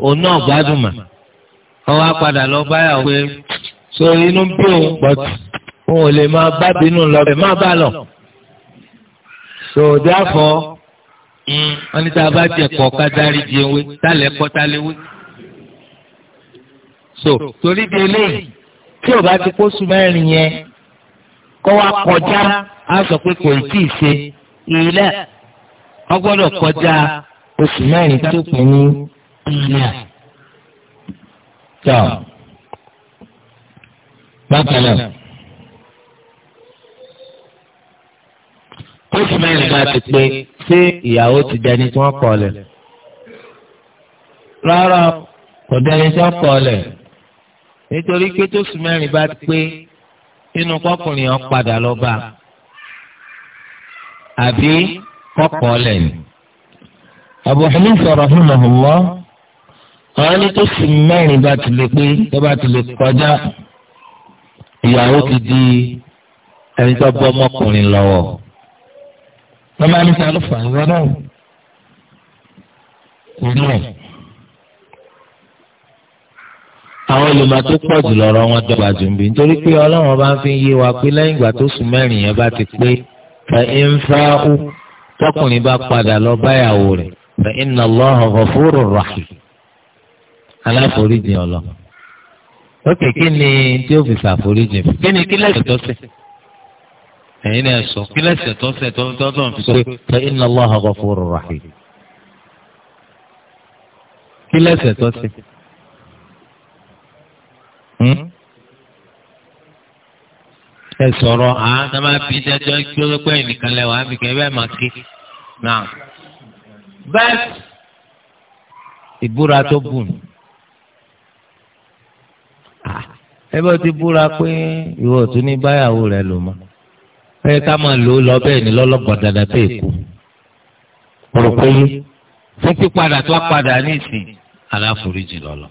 òun náà gbádùn mà ọwọ́ apàdà lọ báyà pé so inú bí òun pọ̀ tù òun ò lè máa bá bínú lọ bẹ̀ má bá lọ. so therefore wọ́n ní tá a bá jẹ pọ̀ ká dárí di ewé tálẹ̀ kọ́ tálẹ̀ wé. so torí di eléyìí tí ò bá ti kó sùmẹ́rin yẹn kọ́ wa kọjá a sọ pé kò tí ì ṣe ilẹ̀ wọ́n gbọ́dọ̀ kọjá oṣù mẹ́rin tó pè náà. tọ́ bákan náà oṣù mẹ́rin bá ti pé ṣé ìyàwó ti dẹni tí wọ́n kọ̀ lẹ̀ rárá kò dẹni tí wọ́n kọ̀ lẹ̀ nítorí pé tóṣù mẹ́rin bá ti pé inú kọkùnrin ọ̀ padà lọ́ba àbí kọ́kọ́ lẹ̀ ni. Abu Hanifa rahimahullah àwọn ní tó sì mẹ́rin bá ti lè pé tó bá ti lè kọjá ìyàwó ti di ẹni tó bọ́ ọmọkùnrin lọ́wọ́ wọ́n máa ní sáré fà ìwọ náà nínú ẹ̀. àwọn olùmọ̀ tó pọ̀ jù lọ́rọ̀ wọn dọ̀gba jù ń bí nítorí pé ọlọ́run bá ń fi yé wa pé lẹ́yìn ìgbà tó sùn mẹ́rin yẹn bá ti pé fẹ̀yìn ń tọkùnrin bá padà lọ báyàwó rẹ̀ fẹ̀yìn náà lọ́hàn gọ̀fúrò ràhìn aláforíjì ọlọ ókè kí ni tí ó fi ṣàforíjì kí ni kí lẹ́sẹ̀ tó ṣẹ̀ ẹ̀yin náà sọ kí lẹ́sẹ̀ tó ṣẹ̀ tó tó tó ń fi sọ pé inna Allaha ghafurur rahim kí lẹ́sẹ̀ tó ṣẹ̀ hmm? ẹ sọ̀rọ̀ àá tá a máa fi dájọ́ gbólógbó ẹnìkan á fi kẹ́ bẹ́ẹ̀ máa ké náà bẹ́ẹ̀ ìbúra tó bùn. Ah. ẹ bá ti búra pé ìwọ ò ní báyàwó rẹ lò mọ́ ẹ ká máa lò ó lọ bẹ́ẹ̀ ni lọ́lọ́gbọ̀n dandan tó èkó ọ̀rọ̀ pé fún pípadà tó padà ní ìsìn aláforíjì lọ́lọ́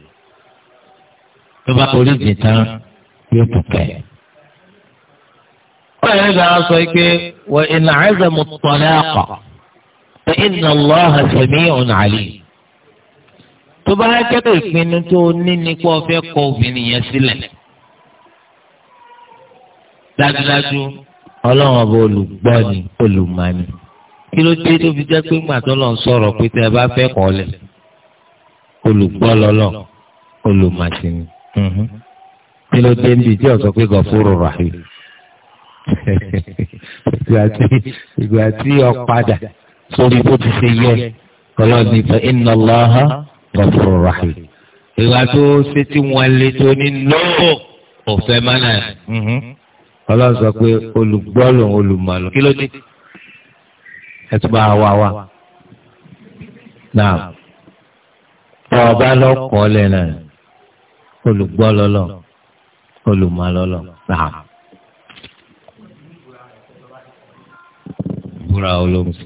tó bá foríjì tán yóò tún kẹ́ ẹ̀. yẹn gbàgbọ́ sọ pé wọ́n tó bá jẹ́ pé ìpinnu tó ní nípa ọ̀fẹ́ kọ obìnrin yẹn sílẹ̀ dájúdájú ọlọ́run ọba olùgbọ́ ni olùmọ̀ni kí ló dé tó fi jẹ́ pé gbàtọ́ lọ sọ̀rọ̀ pé tẹ́ ẹ bá fẹ́ kọ́ lẹ̀ olùgbọ́ lọ́lọ́ olùmọ̀sìnì mhm. kí ló dé níbi tí ọ̀sọ́ pé gọ̀fúrò rahim ìgbà tí ó padà sórí bó ti ṣe yẹ ọlọ́ọ̀ni fẹ́ iná lọ́hán gọfúrú rahim ìgbà tó sétí wọn lé tó ní lọ́wọ́ ọ̀fẹ́ mánà mm-hmm. ọlọ́run sọ pé olùgbọ́ lòun olùmọ̀ lòun kí ló dé ẹ tún bá wa wa náà ọba lọ́kọ̀ọ́ lẹ́nà olùgbọ́ lọ́lọ́ olùmọ̀ lọ́lọ́ náà. Búra olóhùn sí.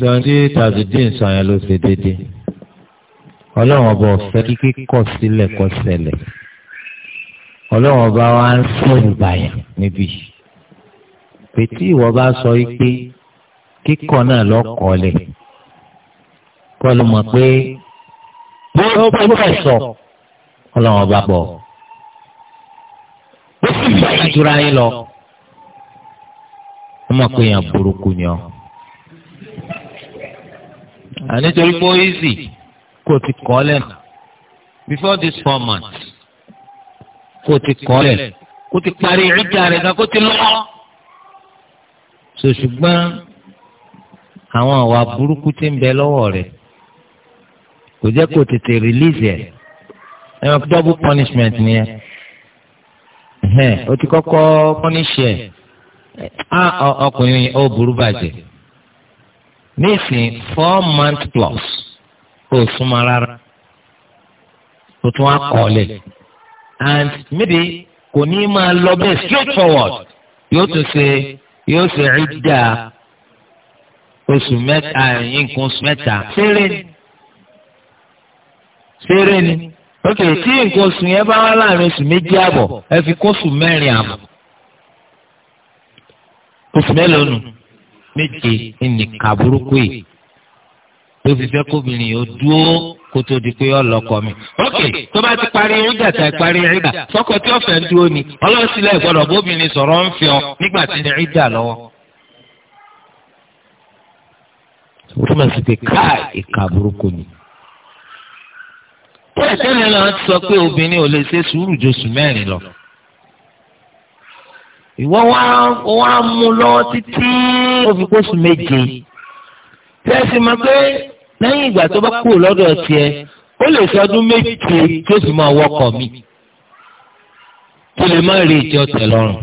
sọ̀rọ̀ tí tàzídìn sọ yẹn ló ṣe déédéé ọlọ́run ọba ọ̀fẹ́ kíkí kọ̀ sílẹ̀ kọ̀ sẹlẹ̀ ọlọ́run ọba wa ń sọ̀rọ̀ bàyà níbí pètí ìwọ bá sọ pé kíkọ náà lọ́kọ̀ọ́lẹ̀ kọ́ ló mọ̀ pé bí ó bá bá sọ ọlọ́run ọba bọ̀ ó sì bá ìtura yín lọ ọmọ pé yàn ni ọ ànítorí pé ó easy kò ti kọ́ lẹ́nu before this four months kò ti kọ́ lẹ̀ kò ti parí ìjà rẹ̀ gan kò ti lọ́. so ṣùgbọ́n àwọn àwa burúkú ti ń bẹ lọ́wọ́ rẹ̀ kò jẹ́ kó tètè release ẹ̀ ẹ máa double punishment ni ẹ ẹ o ti kọ́kọ́ punish ẹ ah, ọkùnrin ó burú bàjẹ́ nísìn four months plus kò súnmọ́ rárá kò tún wá kọ́lẹ̀ and maybe kò ní máa lọ bẹ́ẹ̀ straight forward yóò tún ṣe yóò ṣe ìdá oṣù mẹ́ta nǹkan oṣù mẹ́ta ṣeré ni ṣeré ni ok tí nǹkan oṣù yẹn bá wá láàrin oṣù méjì àbọ̀ ẹ fi kóṣù mẹ́rin àbọ̀ oṣù mélòó nù méje ìnìkà burúkú yìí tó fi fẹ́ kóbìnrin yóò dúró kó tó di pé ọlọ́kọ mi. ok tó bá ti parí ìgbà tá parí ìgbà sọkọ tí ọ̀fẹ́ ń dúró ni ọlọ́sílẹ̀ gbọ́dọ̀ bóbìnrin sọ̀rọ̀ ń fi ọ nígbà tí ní ìgbà lọ́wọ́. túmọ̀ sí pé ká ìka ni. tẹ́lẹ̀ tẹ́lẹ̀ náà sọ pé obìnrin ò lè ṣe sùúrù jòṣù mẹ́rin lọ ìwọ wá wá mú lọ títí ó fi kóṣù méje tẹ́sí ma pé lẹ́yìn ìgbà tó bá kúrò lọ́dọ̀ tiẹ̀ ó lè fi ọdún méje tí ó sì máa wọkọ̀ mi tó lè má rí ìjọ tẹ̀ lọ́rùn.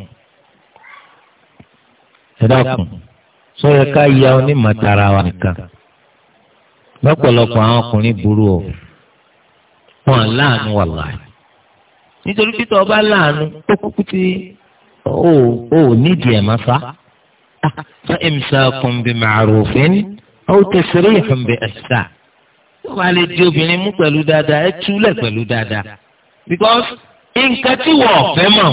ẹ dákun sọ̀rọ̀ ká ya onímọ̀tara wa nìkan lọ́pọ̀lọpọ̀ àwọn ọkùnrin burú o wọn láàánú wà láàánú nítorí pé tó o láàánú ó kúkú ti ó ò nídìí ẹ̀ máa fa fa imsakun bi ma'rufin aw tasrihun bi ihsan tó bá lè di obìnrin mú pẹ̀lú dáadáa ẹ túlẹ̀ pẹ̀lú dáadáa because nǹkan tí wọ́n fẹ́ mọ̀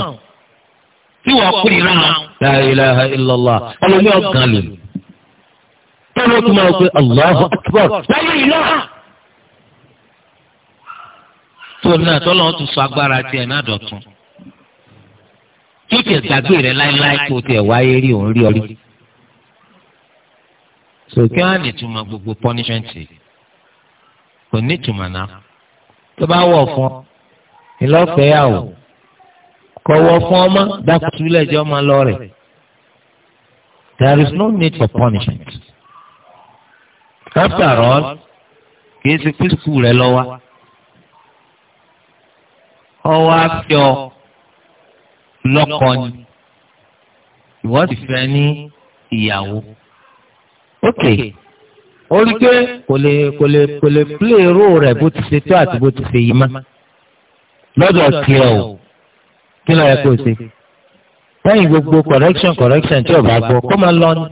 tí wọ́n kú ìran la ilaha illallah ọlọ́ni ọ̀gán lò tọ́lọ́ tó máa pe Allahu akbar láyé ìlà. tó náà tọ́lọ́ tó sọ agbára tiẹ̀ náà dọ̀tun tí tiẹ̀ gbàgbé rẹ̀ láéláé tó tiẹ̀ wáyé rí òun rí ọrí. sòkè á nìtumọ̀ gbogbo punishment kò nítumọ̀ náà tó bá wọ̀ fún ọ ìlọ́fẹ̀ẹ́ àwọ̀ kọ̀wọ́ fún ọmọ dákútúlẹ̀ jẹ́ ọmọ lọ́rẹ̀. There is no need for punishment. After all, kì í ṣe pé skul rẹ lọ wá. Ọwọ́ á fi ọ lọ́kọ ni ìwọ sì fẹ́ ní ìyàwó. ok ó rí i pé kò lè kò lè kò lè play role rẹ̀ bó ti ṣe tó àti bó ti ṣe yìí má lọ́dọ̀ tiẹ̀ o kí ló yẹ kó o ṣe lẹ́yìn gbogbo correction correction tí o bá gbọ́ kó máa lọ ni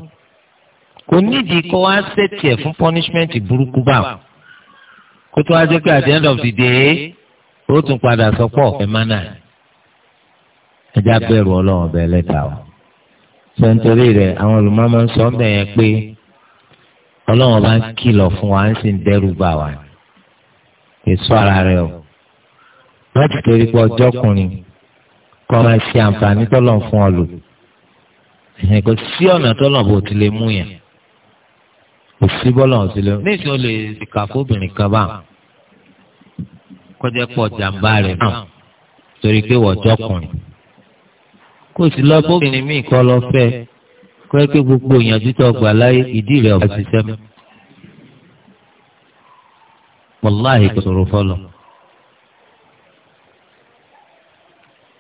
kò nídìí kó wá ṣètì ẹ̀ fún punishment burúkú báwọn kó tó wá jẹ́ pé at the end of the day ó tún padà sọ pọ̀ ẹ̀ má náà ẹjá bẹ̀rù ọlọ́run ọbẹ̀ ẹlẹ́ta wa sọ́ńtòrí rẹ̀ àwọn olùmọ́mọ́ ń sọ ọ́bẹ̀ yẹn pé ọlọ́run bá ń kìlọ̀ fún wa ń sì ń dẹ́rù bà wá èso ara rẹ̀ o láti torí pé ọjọ́ kùnrin kọ́ máa ṣe àǹfààní tọ́lọ̀ fún ọ lò ẹ̀hìn kò sí ọ̀nà tọ́lọ̀ bò ti lè mú yẹn kò sí bọ́lọ̀ ọ̀sìn lè mú níṣẹ́ o lè kà fóbìnrin kan bá kọjá pọ̀ jàǹbá rẹ̀ náà torí pé wọ́n ọjọ́ kùnrin kó o sì lọ bóbìnrin míì kọ́ lọ fẹ́ kó ẹ pé gbogbo ìyànjú tó gbà láyé ìdí rẹ̀ ọ̀bá ṣiṣẹ́ mọ́. wàláhì kò sọ̀rọ̀ fọlọ́.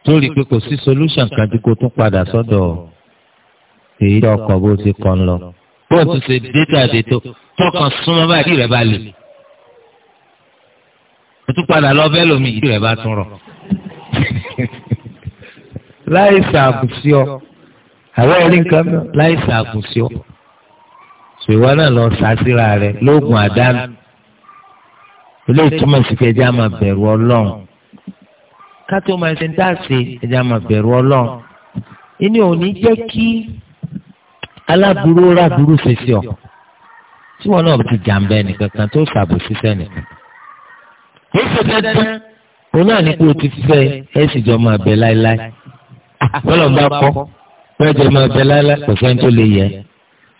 torí pé kò sí solution kan tí kò tún padà sọ́dọ̀ èyí tó ọkọ̀ bó ti kọ́ ń lọ. bó o tún ṣe déta dètò tọkàn súnmọ́ báyìí rẹ̀ bá lè. o tún padà lọ bẹ́ẹ̀ lómi ìdí rẹ̀ bá tún rọ̀ láì ṣàgùn sí ọ àwọn ẹ̀rí nǹkan mọ́ láì ṣàgùn sí ọ ṣèwọ náà lọ sàṣírà rẹ lóògùn àdánù ilé ìtumọ̀ sí pé ẹja máa bẹ̀rù ọlọ́run kátó máa ṣe ń dáàsì ẹja máa bẹ̀rù ọlọ́run inú òní jẹ́ kí aláburú ráburú ṣèṣe ọ tí wọn náà ti jàǹbẹ nìkan tó ṣàbò ṣiṣẹ́ nìkan ó ṣe fẹ́ òun náà ní kó o ti fẹ́ ẹ sì jọ máa bẹ láéláé bọ́lọ̀ bá kọ́ lọ́jọ́ máa bẹ lálẹ́ kò sẹ́ni tó lè yẹ.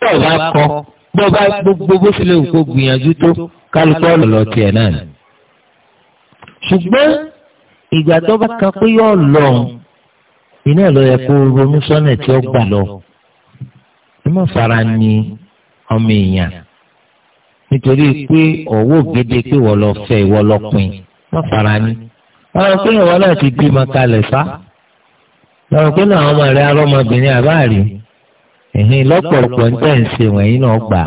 bọ́ọ̀ bá kọ́ bọ́ọ̀ bá gbogbo bó tilẹ̀ kó gbìyànjú tó kálukọ́ lọ́lọ́ tiẹ̀ náà ni. ṣùgbọ́n ìgbà tó bá kan pé yóò lọ iná ló yẹ kó ronú sọ́nà tí ó gbà lọ. ẹ má fara ni ọmọ èèyàn nítorí pé ọ̀wọ́ gidi pé wọ́n lọ fẹ́ ìwọ́ lọ́pin má fara ni. wọ́n rọ pé ìwọ náà ti bímọ kalẹ̀ sá lọ́rùn pé náà ọmọ rẹ̀ arọ́mọbìnrin àbáàrí ẹ̀hìn lọ́pọ̀lọpọ̀ ń tẹ̀ ń ṣe wọ̀nyí náà gbà.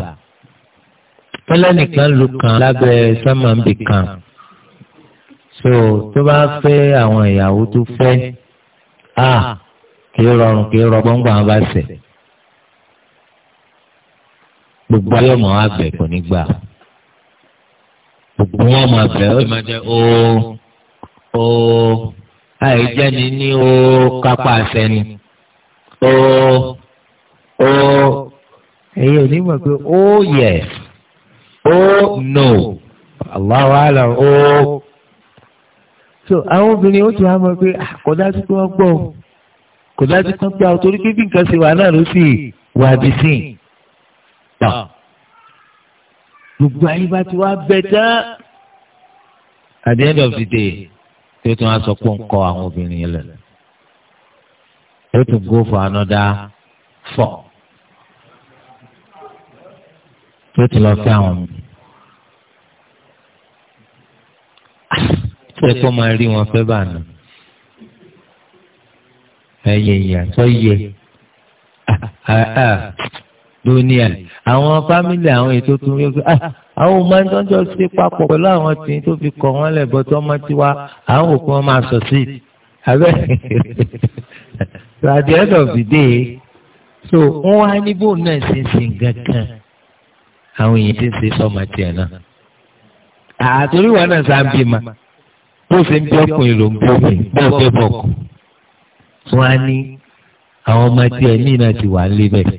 pẹ́lẹ́nìkan lu kan lábẹ́ sẹ́mọ̀nbì kan so tó bá fẹ́ àwọn ìyàwó tó fẹ́ a kì í rọrùn kì í rọ gbọ́ngbọ́n àwọn bá ṣẹ̀. gbogbo ayé ọmọ wa bẹ̀ kò ní gbà gbogbo wọn máa bẹ̀ ó máa jẹ́ ó ó àìjẹni ní ó kápá àṣẹni ó ó ẹ̀yin ò ní mọ̀ pé ó yẹ ó nò aláwa àlà ó. so àwọn obìnrin ó ti wá mọ̀ pé kò dájú pé wọ́n gbọ́ kò dájú pé wọ́n gbọ́ torí pé bí nǹkan ṣe wà náà ló sì wà bí sí i. gbogbo ayé bá ti wá bẹ tán at the end of the day tí ó tún sọ pé ń kọ àwọn obìnrin yẹn lẹ̀ yóò tún go for another four tí ó ti lọ fẹ́ àwọn mi. ṣé kó máa rí wọn fẹ́ bàánù ẹyẹ ìyá tó yẹ lónìí ah, ah, ah. àwọn fámìlì àwọn ètò tó ń yọ pé àwọn ọmọ ẹni tó ń jọ sí papọ̀ pẹ̀lú àwọn tí tó fi kọ̀ wọ́n lẹ̀ bọ́tọ́ ọmọ tí wá àwọn òkú wọn máa sọ sí abẹ́ so at the end of the day so wọ́n wá níbò náà ṣe ń sin gankan àwọn èyí ti ń ṣe sọ́mọ tiẹ̀ náà àtòrí wọn náà sá ń bó ṣe ń bí ọkùnrin ló ń bí omi bẹ́ẹ̀ bẹ́ẹ̀ bọ̀ kù wọn á ní àwọn ọmọ tiẹ̀ ní ìnáà ti wà ń lé bẹ́ẹ̀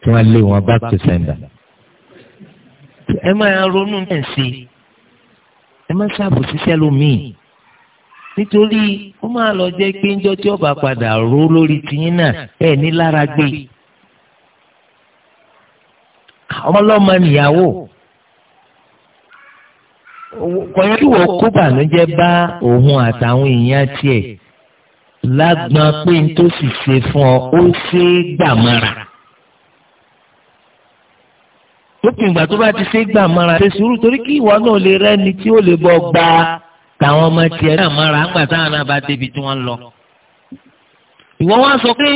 tí wọ́n lé wọn back to sender. ẹ máa ronú náà sí ẹ máa ṣàbò ṣiṣẹ́ lómìn nítorí ó máa lọ jẹ́ pé ńjọ́ tí ọba padà ró lórí tiyín náà ẹ̀ ní lára gbé ọlọ́mọ nìyàwó kọ̀yẹ́ kí wọ́n kó bá òun àtàwọn èèyàn tiẹ̀ lágbọ́n pé n tó sì ṣe fún ọ ó ṣe é gbàmọ́ra. lópin ìgbà tó bá ti ṣe gbà mọ́ra ṣe sùúrù torí kí ìwọ náà lè rẹ́ni tí ó lè bọ́ gba tàwọn ọmọ tiẹ̀ náà mọ́ra ńgbà táwọn náà bá débi tí wọ́n lọ. ìwọ wá sọ pé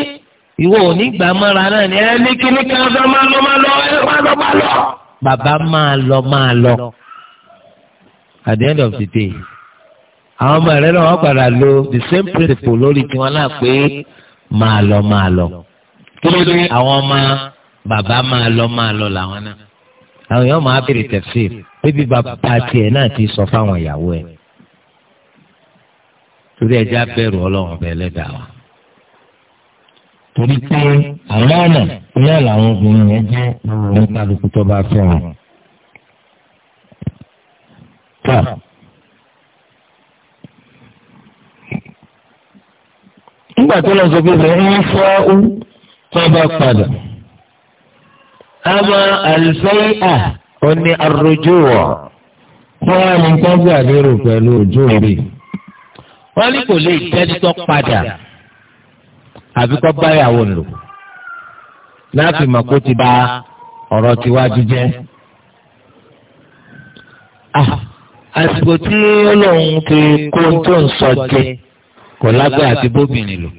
ìwọ ò ní gbà mọ́ra náà ni ẹ ní kíní kan sọ máa lọ máa lọ ẹ máa lọ máa lọ. bàbá máa lọ máa lọ. at the end of the day àwọn ọmọ rẹ náà wọ́n padà lo the same principle lórí tiwọn náà pé máa lọ máa lọ. kí ló dé àwọn ọmọ bàbá máa lọ máa lọ làwọn náà àwọn èèyàn máa bèrè tẹ̀sí bíbí bàbá tiẹ̀ náà ti sọ fáwọn ìyàwó ẹ̀ torí ẹja bẹ̀rù ọlọ́run bẹ̀ lẹ́dàá wa. torí pé àmọ́ ọ̀nà ìyá làwọn obìnrin yẹn jẹ́ ní kálukú tó bá fẹ́ wọn. nígbà tó lọ sọ pé ṣe ń fọ́ ó tó bá padà ama alifẹ́yà oní arojú wọ̀. wọ́n á ní tọ́jú àlérò pẹ̀lú ojú rẹ̀. wọ́n ní kò lè tẹ́títọ́ padà àfi kọ́ báyàwó lò láti mọ̀ kó ti bà ọ̀rọ̀ tiwájú jẹ́. Ah, àsìkò tí olóhùn ti kó tó ń sọ jẹ kò lágbára àti bóbìnrin lò.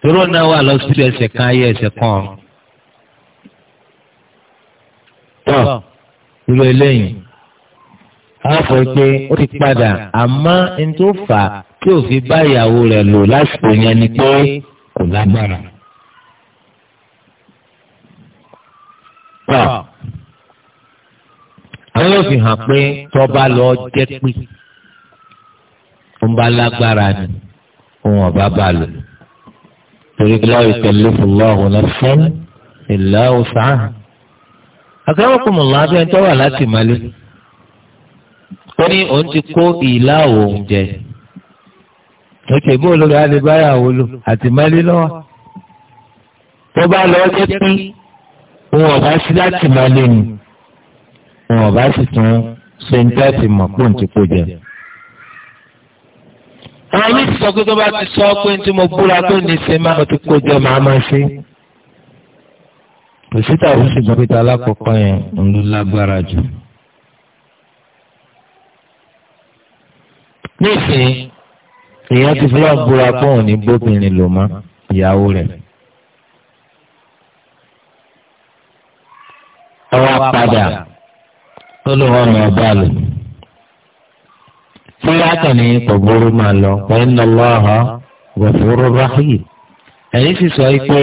toró wà lọ sílẹ̀ ẹsẹ̀ kan ayé ẹsẹ̀ kan ọ̀run tán irú eléyìí á fọ pé ó ti padà àmọ́ ní tó fà á tí ò fi bá ìyàwó rẹ̀ lò lásìkò yẹn ni pé kò lágbára. àwọn yóò fi hàn pé tọ́ba lọ jẹ́ pé ó ń bá lágbára ni òun ọ̀bá bá lò torí kí láwọn ìtẹ̀lé fún lọ́hùn ìlà òsàn akẹ́wọ̀kùnmọ̀ lábẹ́ ẹni tó wà láti malé ó ní òun ti kó ìlà òun jẹ òkè bó lórí adébáyàwó lò àti malé lọ́wọ́ tó bá lọ jẹ́ pé òun ọ̀bá sí láti malé ni òun ọ̀bá sì tún ṣe ń tẹ́ ti mọ̀ pé òun ti kó jẹ. àwọn méjì sọ pé tó bá ti sọ pé tí mo búra tó ní í ṣe máa ti kó jẹ màá máa ṣe é kò sí tàbí ṣùgbọ́n pété alákọ̀ọ́kọ́ yẹn ń lò lágbára jù. nísìnyí èèyàn ti fúlọ́ búra pé òun ní bóbìnrin lò mọ́ ìyàwó rẹ̀. ọwọ́ padà tó ló wọ́n mọ̀ ọba lò. fúlọ́ àtọ̀ní kò burú máa lọ pẹ̀lú ọlọ́ọ̀hán wọ̀fúrú ráhìí. ẹ̀yìn sì sọ pé.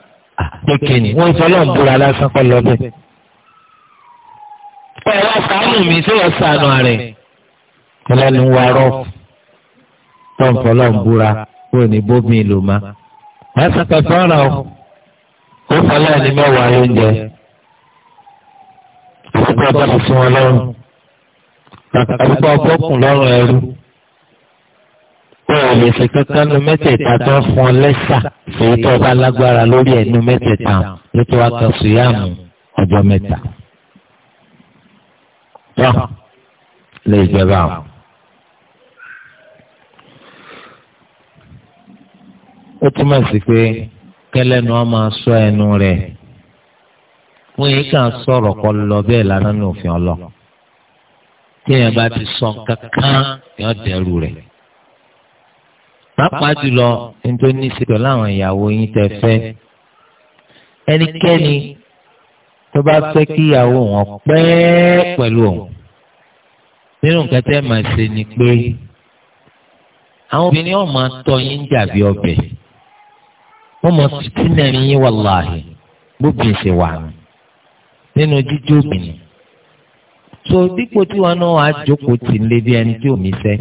pé kéènì wọ́n ń fọlọ́ ń búra lásán kọ́ lọ bẹ́ẹ̀. ẹ wá ṣàánú mi ṣé wọ́n ṣàánú rẹ̀ ọlọ́ni wa rọ́ tó fọlọ́ ń búra kúrò ní bómi ìlú ma. wọ́n sọ pé o ó fọlọ́ ẹni mẹ́wàá lóúnjẹ. àti pé ọba wọn lọ́rùn àti pé lọ́rùn ẹrú bẹ́ẹ̀ lè fi kankan nu mẹ́tẹ̀ẹ̀ta tó fún ọ lẹ́sà èyí tó bá lágbára lórí ẹ̀nu mẹ́tẹ̀ẹ̀ta ló tó wá kan sùyàmù ọjọ́ mẹ́ta. tọ́ lè jẹba o. ó túmọ̀ sí pé kẹlẹ́nu á máa sọ ẹnu rẹ̀ fún yìí kàn sọ̀rọ̀ kọ́ lọ bẹ́ẹ̀ lánàá ní òfin ọlọ́. tí èèyàn bá ti sọ kankan yóò dẹrù rẹ̀ pàápàá jùlọ nítorí ní ìṣètò láwọn ìyàwó yín tẹ́ fẹ́ ẹnikẹ́ni tó bá fẹ́ kí ìyàwó wọn pẹ́ pẹ̀lú òun nínú nǹkan tẹ́ máa ṣe ni pé àwọn obìnrin wọn máa tọ́ yín dàbí ọbẹ̀ wọ́n máa fìtínà yín wàláhì gbóbin ṣe wà nínú jíjó obìnrin so dípò tí wọn náà wàá jókòó tì ń lé bí ẹni tí ò mí fẹ́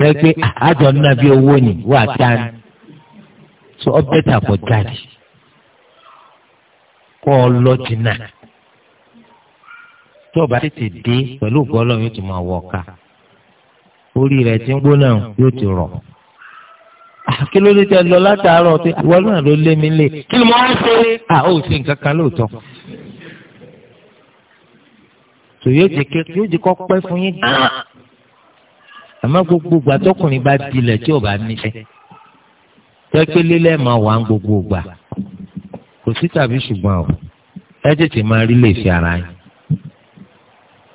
bẹ́ẹ̀ pé àjọ náà bí owó ni wà á dání so ọbẹ̀ tà kọ́ jáde kọ́ ọ lọ jìnnà tó o bá tètè dé pẹ̀lú gbọ́lọ́ yóò ti máa wọ ká orí rẹ̀ ti ń gbóná yóò ti rọ̀ kí ló dé tẹ lọ látàárọ̀ tí ìwọ náà ló lé mi lé kí ni mo á ṣe à ó sì nǹkan kan lóòótọ́ tò yóò jẹ kọ́ pẹ́ fún yín dáa ah, àmọ́ gbogbo ìgbà tọkùnrin bá dilẹ̀ tí ò bá nífẹ̀ẹ́ tẹ́pẹ́ lélẹ̀ máa wà ń gbogbo ìgbà kò sí tàbí ṣùgbọ́n o ẹ tètè máa rí lè fi ara yín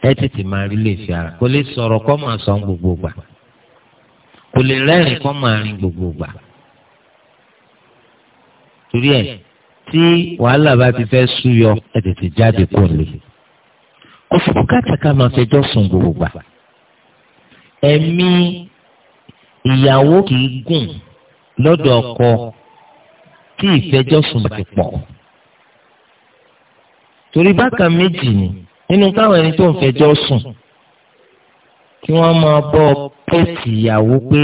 ẹ tètè máa rí lè fi ara kò lè sọ̀rọ̀ kọ́ máa sọ gbogbo ìgbà kò lè rẹ́rìn kọ́ máa rin gbogbo ìgbà torí ẹ tí wàhálà bá ti fẹ́ súyọ ẹ tètè jáde kò lè kò fún kátàkà máa fẹjọ́ sùn gbogbo ìgbà ẹ̀mí ìyàwó kì í gùn lọ́dọ̀ ọkọ tí ìfẹjọ́sùn bá ti pọ̀. torí bákan méjì ni nínú káwọn ẹni tó ń fẹjọ́ sùn kí wọ́n máa bọ́ pẹ́ẹ̀tì ìyàwó pé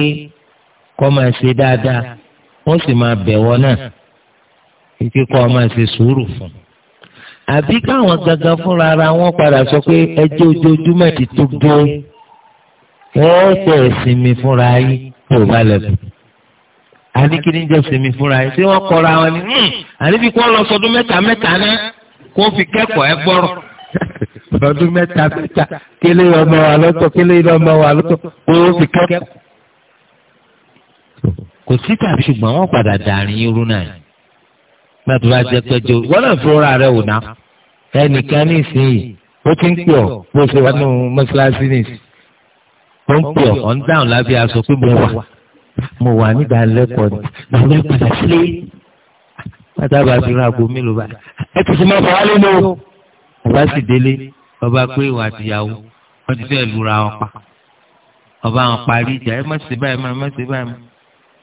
kọ́ máa ṣe dáadáa wọ́n sì máa bẹ̀wọ́ náà kíkẹ́ kọ́ máa ṣe sùúrù fún un. àbí káwọn gangan fúnra ara wọn padà sọ pé ẹjọ́ ojoojúmọ́ ti tó gbé ẹ̀ẹ́dẹ̀ ìsinmi fúnra yín o bá lẹ́kùn. àníkíní jẹ́ ìsinmi fúnra yín tí wọ́n kọ́ra wọn ni hmm, àníbi kí wọ́n lọ sọdún mẹ́ta mẹ́ta náà kó fi kẹ́kọ̀ọ́ ẹ gbọ́rọ̀. sọdún (laughs) mẹ́ta mẹ́ta kílé ọmọ wa lọ́tọ̀ kílé ọmọ wa lọ́tọ̀ kó fi kẹ́kọ̀ọ́. kò sí tàbí ṣùgbọ́n wọ́n padà dàrin irú náà láti bá jẹ pẹ́jọ wọ́n náà fúnra rẹ̀ wò ná ẹnìkan ní ìsinyìí ó ti ń pè bó ṣe wà nù mọ́ṣáláṣí nìyí mo ń pè ọ́ ń dáhùn lábẹ́ aṣọ pé mo wà mo wà nígbà lẹ́kọ̀ọ́ ni mo lẹ́ padà sílé pátábà fi ràn àgbo mélòó bá ẹ tẹ̀sí máa fọwọ́ lé lóo ọba sì délé ọba pé ìwà àtìyàwó wọ́n ti fẹ́ lura wọn pa ọba àwọn parí ìjà ẹ má ṣe báyìí má ẹ má ṣe báyìí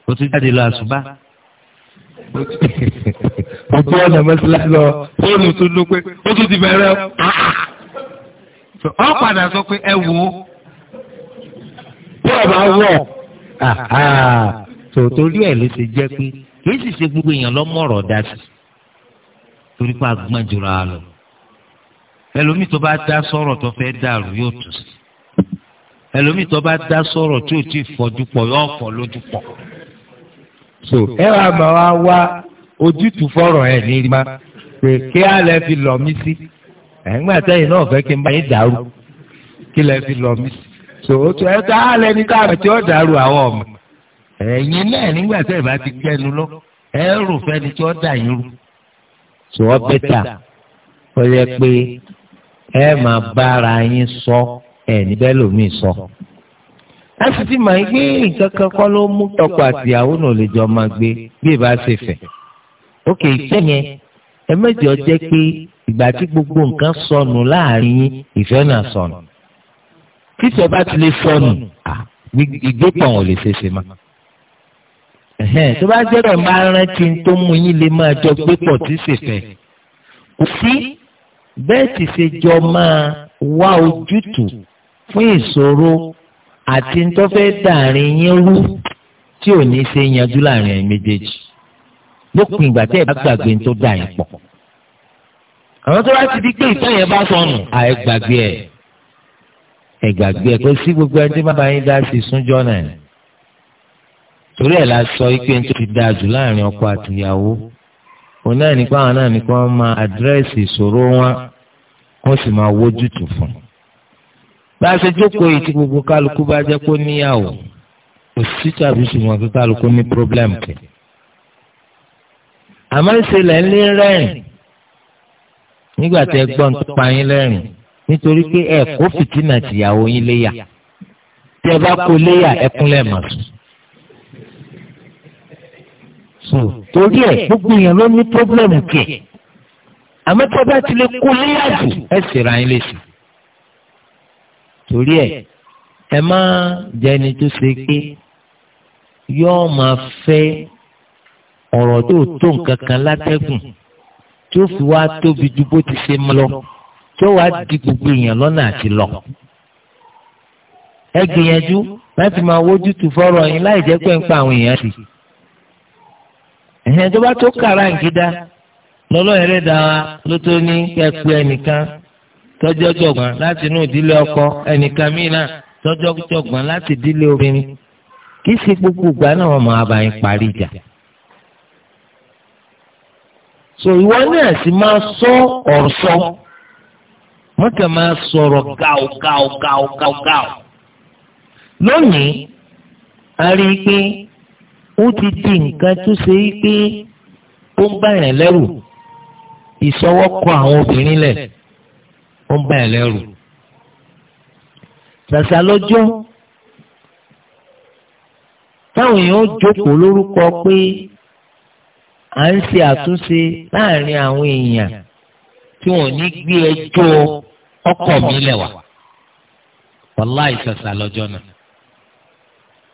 o tún jáde lọ ọ̀nà mẹ́sàlá lọ fóònù tó dún pé ó tún ti bẹ̀rẹ̀ ọ́ padà sọ pé ẹ wò ó tí ọba wọ̀ tòótórí ẹ̀ ló ti jẹ́ pé kì í sì ṣe gbogbo èèyàn lọ́mọ̀rọ̀ dá sí torí pé agbọ́n jura lọ ẹlòmíì tó bá dá sọ̀rọ̀ tó fẹ́ dàrú yóò tù sí ẹlòmíì tó bá dá sọ̀rọ̀ tí ò tí fọ́jú pọ̀ yóò fọ́ lójú pọ̀. so ẹ wà máa wá wá ojútùú fọ̀rọ̀ ẹ̀ ní ma pé kí á lẹ fi lọ mí sí ẹ̀ ń gbà tẹ́yìn náà fẹ́ kí n bá yín dàrú kí lẹ fi lọ mí sí so ó tún ẹ tá a lẹni tá a bẹ tí ó dàrú àwọn ọmọ ẹ̀yin náà nígbà tẹ́ ẹ bá ti gbẹnu lọ ẹ rò fẹ́ni tí ó dà yín rú so ọ bẹta ó yẹ pé ẹ máa bára yín sọ ẹ níbẹ̀ lómi sọ a sì ti máa ń gbé nǹkan kan kọ́ ló mú tọkọ àtìyàwó náà lè jọ máa gbé bí ìbá ṣe fẹ́ òkè ìtẹ́yẹn ẹ mẹ́jọ jẹ́ pé ìgbà tí gbogbo nǹkan sọnù láàrin yín ìfẹ́ náà sọnù tíṣẹ̀ bá ti lè sọnù ìgbépọ̀n ò lè ṣeéṣe mọ́. tó bá jẹ́ bẹ́ẹ̀ máa rántí tó mú yín lè máa jọ gbé pọ̀ tí sì fẹ́. kò sí bẹ́ẹ̀ ti ṣe jọ máa wá ojútùú fún ìṣòro àti tó fẹ́ dàrin yín rú tí ò ní ṣe yanjú láàrin ẹ̀ méjèèjì lópin ìgbà tẹ́ ẹ̀ bá gbàgbé tó dà yín pọ̀. àwọn tó bá ti di pé ìtàn yẹn bá sọnù àìgbàgbé ẹ̀ ẹgbàgbé ẹ pé sí gbogbo ẹni tí bàbá yín dá sí súnjọ náà torí ẹ̀ la sọ pé n tó ti dáa jù láàrin ọkọ àtìyàwó òun náà nípa àwọn náà nípa wọn máa àdírẹ́sì ìṣòro wọn wọn sì máa wójútùú fún un. bá a ṣe jókòó yìí tí gbogbo kálukú bá jẹ́ kó níyàwó kò sí tàbí ṣùgbọ́n kí kálukú ní pírọ́blẹ́mù kẹ̀. àmọ́ ìṣẹ̀lẹ̀ ń lé rẹ́rìn nígbà gbọ́n tó pa yín lẹ́rìn nítorí pé ẹ kó fìtínà tìyàwó yín léyà tẹ bá kó léyà ẹ kúnlẹ̀ mọ̀ sùn. torí ẹ gbogbo èèyàn ló ní pọ́blẹ́mù kẹ̀ àmọ́ tẹ bá ti lè kó léyà jù ẹ ṣèrà yín lè sùn. torí ẹ ẹ má jẹni tó ṣe pé yóò máa fẹ́ ọ̀rọ̀ tó tó nǹkan kan látẹ́gùn tí fi wá tóbi ju bó ti ṣe mọ́ lọ. tí ó wàá di gbogbo èèyàn lọ́nà àti lọ. ẹ gbìyànjú láti máa wójú tu fọ́rọ̀ yín láì jẹ́ pé ń pa àwọn èèyàn sí. ẹ̀hìn tó bá tó kàrà ǹgídá lọ́lọ́yìn rẹ̀ dá wa ló tó ní kẹ́pẹ́ ẹnìkan tọ́jọ́ láti inú ìdílé ọkọ ẹnìkan mìíràn tọ́jọ́ láti ìdílé obìnrin kì í ṣe gbogbo ìgbà náà máa bá yín parí ìjà so ìwọ náà sì máa sọ ọ̀rọ̀ sọ wọ́n ma máa sọ̀rọ̀ gáò gáò gáò gáò gáò. lónìí a rí i pé ó ti di nǹkan tó ṣe é pé ó ń bá yẹn lẹ́rù ìṣọwọ́kọ àwọn obìnrin lẹ̀ ó ń bá yẹn lẹ́rù. ṣàṣà lọ́jọ́ táwọn èèyàn jókòó lórúkọ pé à ń ṣe àtúnṣe láàrin àwọn èèyàn tí ọkọ̀ mi wà. wá wàláì sàṣà lọ́jọ́ náà.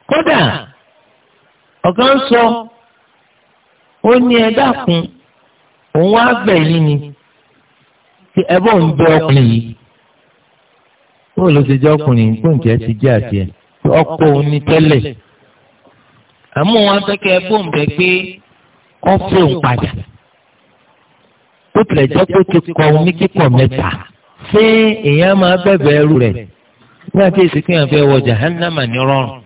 kódà ọ̀gá ń sọ ó ní ẹ dákun òun wá bẹ̀ yín ni tí ẹ bọ̀ ń bẹ ọkùnrin yìí bó ló ti jẹ́ ọkùnrin gbòǹjẹ ti jẹ́ àti ọkọ òun tẹ́lẹ̀ wọn fẹ́kẹ́ pé padà tilẹ̀ ṣé èèyàn máa bẹ̀bẹ̀ ẹrù rẹ̀ nígbà tí èsì kéèyàn fẹ́ wọ jahannama ní rọrùn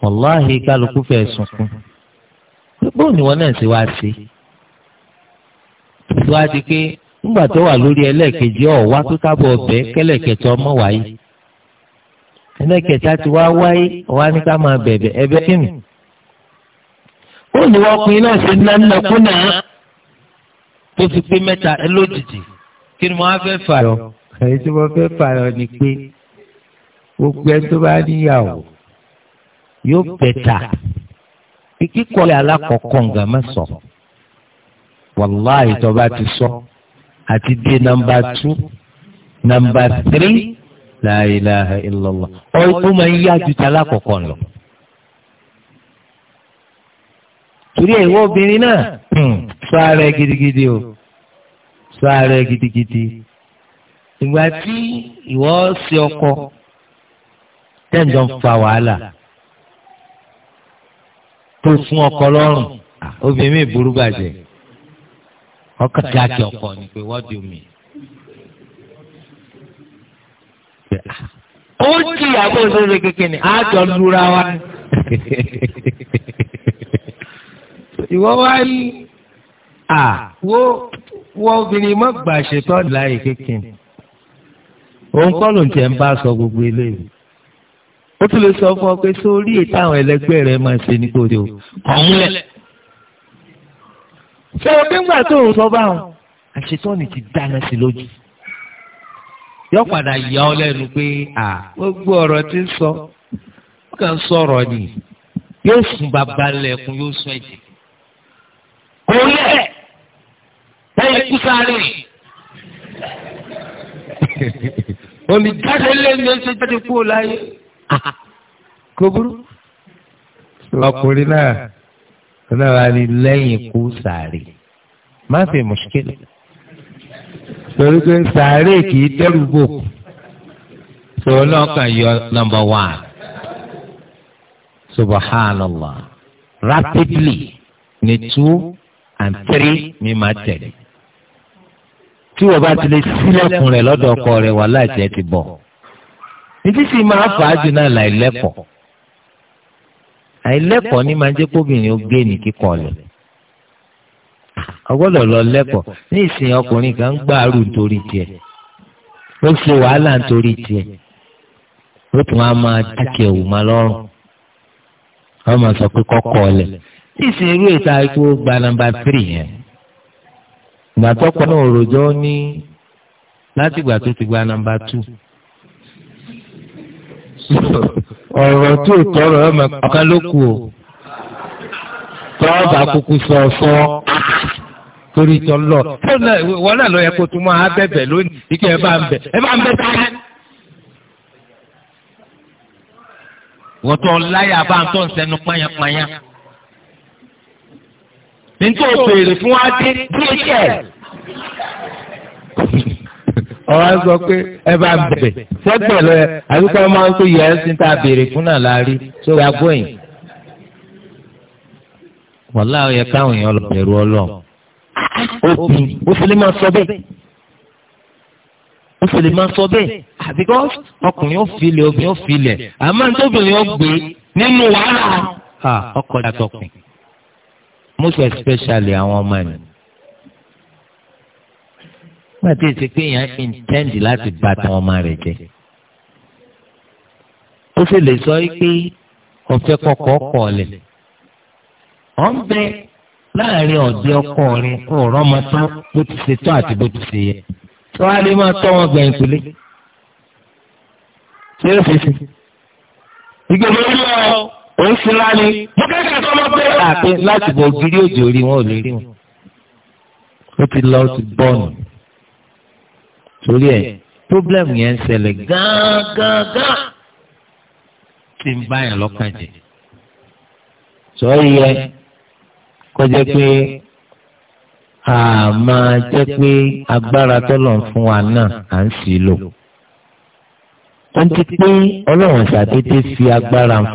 wàláhì kálukú fẹ́ sunkún gbogbo òníwọ̀n náà ti wá sí ti wá di pé nígbà tó wà lórí ẹlẹ́ẹ̀kejì ọ̀wá tó kábọ̀ ọbẹ̀ kẹlẹ̀kẹtọ ọmọ wáyé ti wá wáyé ọ̀wá ní ká máa bẹ̀bẹ̀ ẹbẹ̀ kínní ó ní wọ́n pin náà tó fi pé mẹ́ta lójijì kí ni mo á fẹ́ fà yọ. èyí tí mo fẹ́ fà yọ ni pé gbogbo ẹni tó bá níyàwó yóò bẹ̀tà kíkọ́lé alákọ̀ọ́kọ́ nǹkan mẹ́sàn wàláhì tó bá ti sọ àti dé nàmbà tú nàmbà tírí la ilaha illallah ọ̀hún máa ń yá ju ti alákọ̀ọ́kọ́ lọ. torí ẹ̀ ìwọ obìnrin náà sọ ara ẹ gidigidi o sọ ààrẹ gidigidi ìgbà tí ìwọ ṣe ọkọ tẹ̀jọ́ ń fa wàhálà tó fún ọkọ lọ́rùn obìnrin mi burú bàjẹ́ ọkọ dákẹ́ ọkọ ni pé wọ́n di omi. ó jí ìyàwó òṣèré kékeré ni àjọ lura wa. ìwọ wá ní à wo wọ́n obìnrin má gbà ṣètọ́ láàyè kékin òun kọ́ ló ń tẹ̀ ń bá sọ gbogbo eléyìí ó tún lè sọ fún ọ pé sórí ètò àwọn ẹlẹgbẹ́ rẹ máa ṣe ní kòdì o ọ̀hún lẹ̀ ṣé o nígbà tó ń sọ báwọn àṣetọ́ ni ti dáná sí lójú yọ padà yà ọ lẹ́nu pé à gbogbo ọ̀rọ̀ tí ń sọ ó kàn sọ̀rọ̀ ni yóò sùn bàbá lẹ̀kùn yóò sùn ẹ̀jẹ̀ kò lẹ̀ ẹ̀yin kú sáré. (laughs) olùjáde lẹ́nu ẹ̀ṣẹ̀ jáde kú ọ láyé. (laughs) kò burú. ọkùnrin náà náà wà ní lẹ́yìn kú sáré má fi mùsùlùmí torí pé sáré kì í dẹ́rù bò sọ̀rọ̀ náà kàn yọ nọ́mbà wán subhanallah rapidly ni two and three ni máa tẹ̀lé. tí wọ́n bá ti sílẹ̀kùn rẹ̀ lọ́dọ̀ ọkọ rẹ̀ wà ti bọ̀. Ìdí sì máa fà á jù náà láìlẹ́kọ̀ọ́. Àìlẹ́kọ̀ọ́ ní máa jẹ́ kóbìnrin ó gbé ní kíkọ́ lọ ní ìsìn ọkùnrin kan ń gbàrú nítorí tiẹ̀. Ó ṣe wàhálà nítorí tiẹ̀. Ó tún á máa dákẹ́ òun máa lọ́rùn. Wọ́n sọ pé kọ́kọ́ lẹ̀. Ní ìsìn gba nọmba yẹn. ìgbà tọkọ náà rojọ́ ní láti ìgbà tó ti gba nàmbà tù ọ̀rọ̀ tí ò tọrọ ẹ mọ̀ ọ̀kan ló kù o tọ́ọ̀bà kúkú sọ fọ́ torí tọ́lọ̀ wọ́n náà lọ yẹ kó tún máa bẹ̀bẹ̀ lónìí kíkẹ́ ẹ bá ń bẹ̀ ẹ bá ń bẹ̀ sáyà. wọ́n tọ́ láyà bá ń tọ́ ń sẹ́nu pányápányá nítorí o béèrè fún wa dé dhl. ọ̀rọ̀ á sọ pé ẹ bá ń bẹ̀ sẹ́gbẹ̀ lọ ẹ àbíkọ́ ọmọ wọn tó yẹ ẹ́ sí ta béèrè fún náà la rí tó yà gbóyìn. wọ́lá ọ̀yẹ káwọn èèyàn lọ bẹ̀rù ọlọ́run. òbí ó fi lè máa sọ bẹ́ẹ̀ ó sì lè máa sọ bẹ́ẹ̀ àbíkọ́ ọkùnrin ó filẹ̀ obìnrin ó filẹ̀ àmọ́ tóbìnrin ó gbé nínú wàhálà ọkọ̀ dàtọ̀pìn most especially àwọn ọmọ ẹ̀ nígbà tí èsì pé èèyàn intend láti bà tàwọn ọmọ rẹ̀ jẹ́ ó sì lè sọ pé ọ̀fẹ́ kọ̀ọ̀kọ̀ kọ̀ ọ̀lẹ̀ ọ̀ ń bẹ láàrin ọ̀dẹ ọkọ rẹ̀ kó rọ́mọ tán bó ti ṣe tọ́ àti bó ti ṣe yẹ tó wá lè máa tọ́ wọn gbẹ̀yìn kúlé ṣé ó fi fi ìgbẹ́ mi lọ òun sì ńlá ni mo kẹ́kẹ́ tó mọ pé. àti ah, láti bọ ògiri òjò rí wọn ò lè rí wọn. ó ti lọ ti bọ́ọ̀nù torí ẹ̀ pọ́blẹ́mù yẹn ń ṣẹlẹ̀ gángan tí ń bá yàn lọ́kàn jẹ́. sọ́ọ́ yẹ kọjá pé a máa jẹ́ pé agbára tọ́lọ̀ ń fún wa náà à ń sì lò. wọ́n ti pé ọlọ́run ṣàdédé fi agbára ń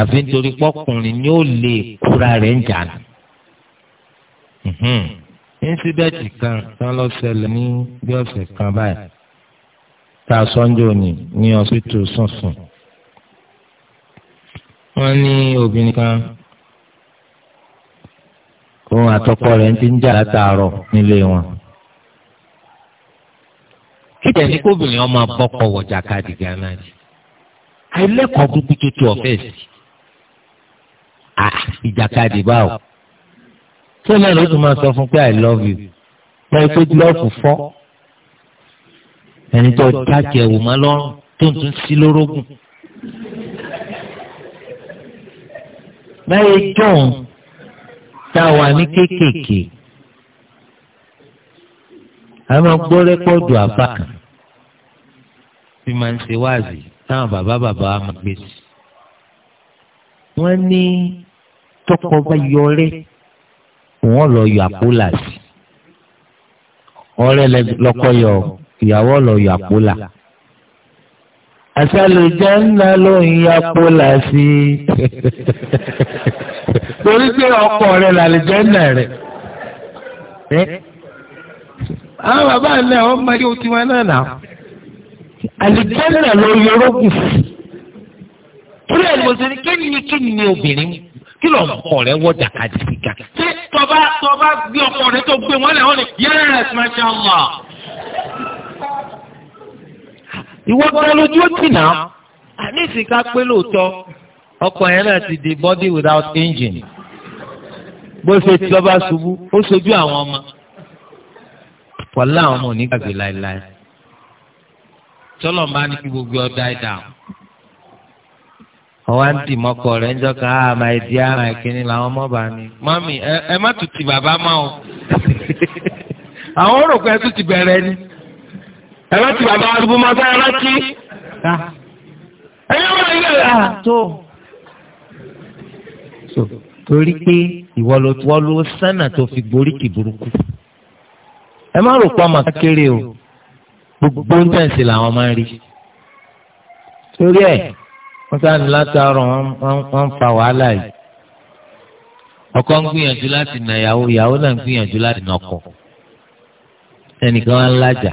àfi nítorí pọ́kùnrin ni ó lè kúra rẹ̀ ń jà mhm. incident kan tán lọ ṣẹlẹ̀ ní bí ọ̀sẹ̀ kan báyìí tá a sọ́njọ́ òní ní ọ̀sítò sùnsùn. wọ́n ní obìnrin kan òun àtọkọ rẹ̀ ti ń jà látàárọ̀ nílé wọn. kíkẹ́ ní kóbìnrin ọmọ abọ́kọ̀ wọ̀ jàkadì gánà jì. àìlẹ́kọ̀ọ́ gbogbo tó tu ọ̀fẹ́ sí Ah, ìjàkadì báwo tó náà ló tún máa sọ fún pé i love you lọ́ọ́ pé gílọ́ọ̀fù fọ́ ẹni tó dájẹ́ wò má lọ́rùn tó ń tún sí lórógùn. láyé john tá a wà ní kéékèèké a máa gbọ́ rẹ́pọ̀dù àbá kan tí máa ń ṣe wáàzì táwọn bàbá bàbá máa gbé sí. wọ́n ní tọkọ bá yọ rẹ wọn lọ yọ àpò làásì ọ̀rẹ́ lọkọ yọ ìyàwó lọ yọ àpò là àṣàlùjẹ ńlá ló ń yọ àpò làásì (laughs) torí pé ọkọ rẹ làlùjẹ ńlá rẹ àwọn bàbá náà wọn máa yóò tiwọn náà nà àlùjẹ ńlá ló yọ ọ̀rọ̀ kù sí. Kúrẹ́ ẹ̀ lọ́sẹ̀ ni kí ni kí ni obìnrin kí lọ ọkọ rẹ wọ jàkadì kíkà. ṣé tọba tọba gbé ọkọ rẹ tó gbé wọn lẹ́wọ̀n ni yẹ́rẹ́s masha Allah. ìwọ gbọ́dọ̀ lójú ó tì náà. ìsìnká pé lóòótọ́ ọkọ̀ yẹn náà ti di body without engine. bó ṣe tí ọba ṣubú ó ṣojú àwọn ọmọ. pọ̀lá àwọn ọmọ ò ní gbàgbé láéláé. tọ́lọ̀ máa ní kí gbogbo ọ̀dà ẹ̀dá àwọn ọwọ́ à ń dì mọ́kọ rẹ̀ ńjọ́ ká àmà ah, ìdí àmà ìkíní làwọn ọmọ bá ní. mọ́mì ẹ má tún ti bàbá mọ́ o (laughs) àwọn rò pé ẹ tún ti bẹ̀rẹ̀ ni ẹ má ti bàbá arúgbó máa bá rántí. ẹ yọ wá ilé torí pé ìwọ ló wọ́n ló sánà tó fi gborí kì burúkú ẹ má rò pé ọmọ kékeré o gbogbo ń tẹ̀sí làwọn máa ń rí. torí ẹ̀ wọ́n sáà ní látàárọ̀ wọ́n ń fa wàhálà yìí ọkọ ń gbìyànjú láti nà yàwó yàwó náà ń gbìyànjú láti nà ọkọ ẹnìkan wá ń lájà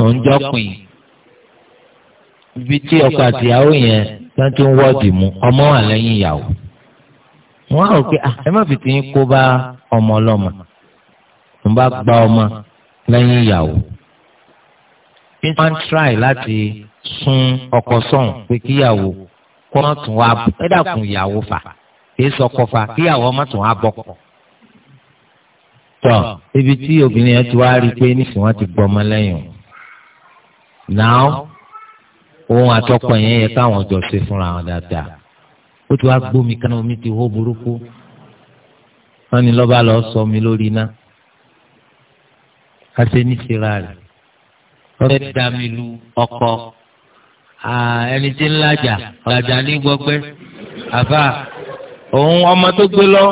òun jọpin ibi tí ọkọ àtìyàwó yẹn tán ti ń wọ́ọ̀dì mu ọmọ wà lẹ́yìn ìyàwó wọ́n á rò pé ah, ẹ má fi tìyín kó bá ọmọ ọlọ́mọ ń bá gba ọmọ lẹ́yìn ìyàwó. wọ́n ń tíráì láti sun ọkọ sọ̀hún pé kíyàwó kọ́ má tún wá ẹ dàkún ìyàwó fà kìí sọkọ fà kíyàwó má tún wá bọ́kọ. tọ́ ibi tí obìnrin yẹn ti wá rí i pé nísìnyí wọ́n ti gbọ́mọ lẹ́yìn náà òun àtọkọ yẹn yẹ káwọn jọ ṣe fúnra wọn dáadáa ó ti wá gbómi kaná omi ti hó burúkú wọ́n ní lọ́ba lọ sọ mi lórí iná kásẹ̀ níṣẹ́ra rẹ̀ ọ̀rẹ́ dá mi lu ọkọ ẹni tí ń lajà ọ̀làjà ní gbọgbẹ́ àfà òun ọmọ tó gbé lọ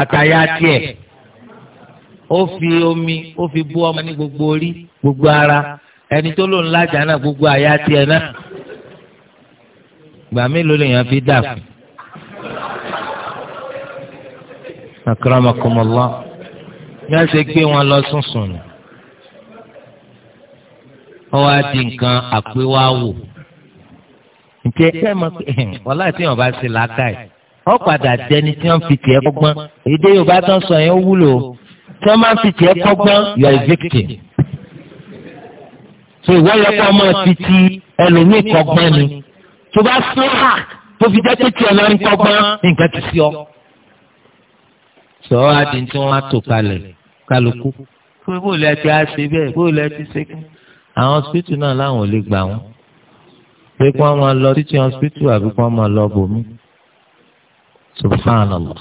àtàyà tiẹ̀ ó fi omi ó fi bú ọmọ ní gbogbo orí gbogbo ara ẹni tó lò ń lajà náà gbogbo àyà tiẹ̀ náà gbà mélòó lèèyàn fi dà fún. akramakumullah bí a ṣe gbé wọn lọ sùn ni wọ́n wá di nǹkan àpéwá wò ǹjẹ́ ẹ mọ̀ pé wọ́n láti yàn bá ṣe làákàyè ọ padà dẹni tí wọ́n fi tiẹ̀ kọ́gbọ́n èdè Yorùbá tó ń sọ yẹn ó wúlò tí wọ́n máa fi tiẹ̀ kọ́gbọ́n you are a victim. so ìwọ yẹ kó ọmọ ti ti ẹlòmíì kọ́gbọ́n ni tó bá sún hà tó fi jẹ́ pé tiẹ̀ lọ́rin kọ́gbọ́n nǹkan ti sí ọ. sọ adi tí wọ́n á tò kalẹ̀ kálukú. bó lẹ ti á ṣe bẹ́ẹ̀ bó lẹ ti ṣe kí. àwọn hospital náà láwọn ò lè gbà wọ́n pé kí wọ́n máa lọ teaching hospital àbí kí wọ́n máa lọ bòmí. subhanallah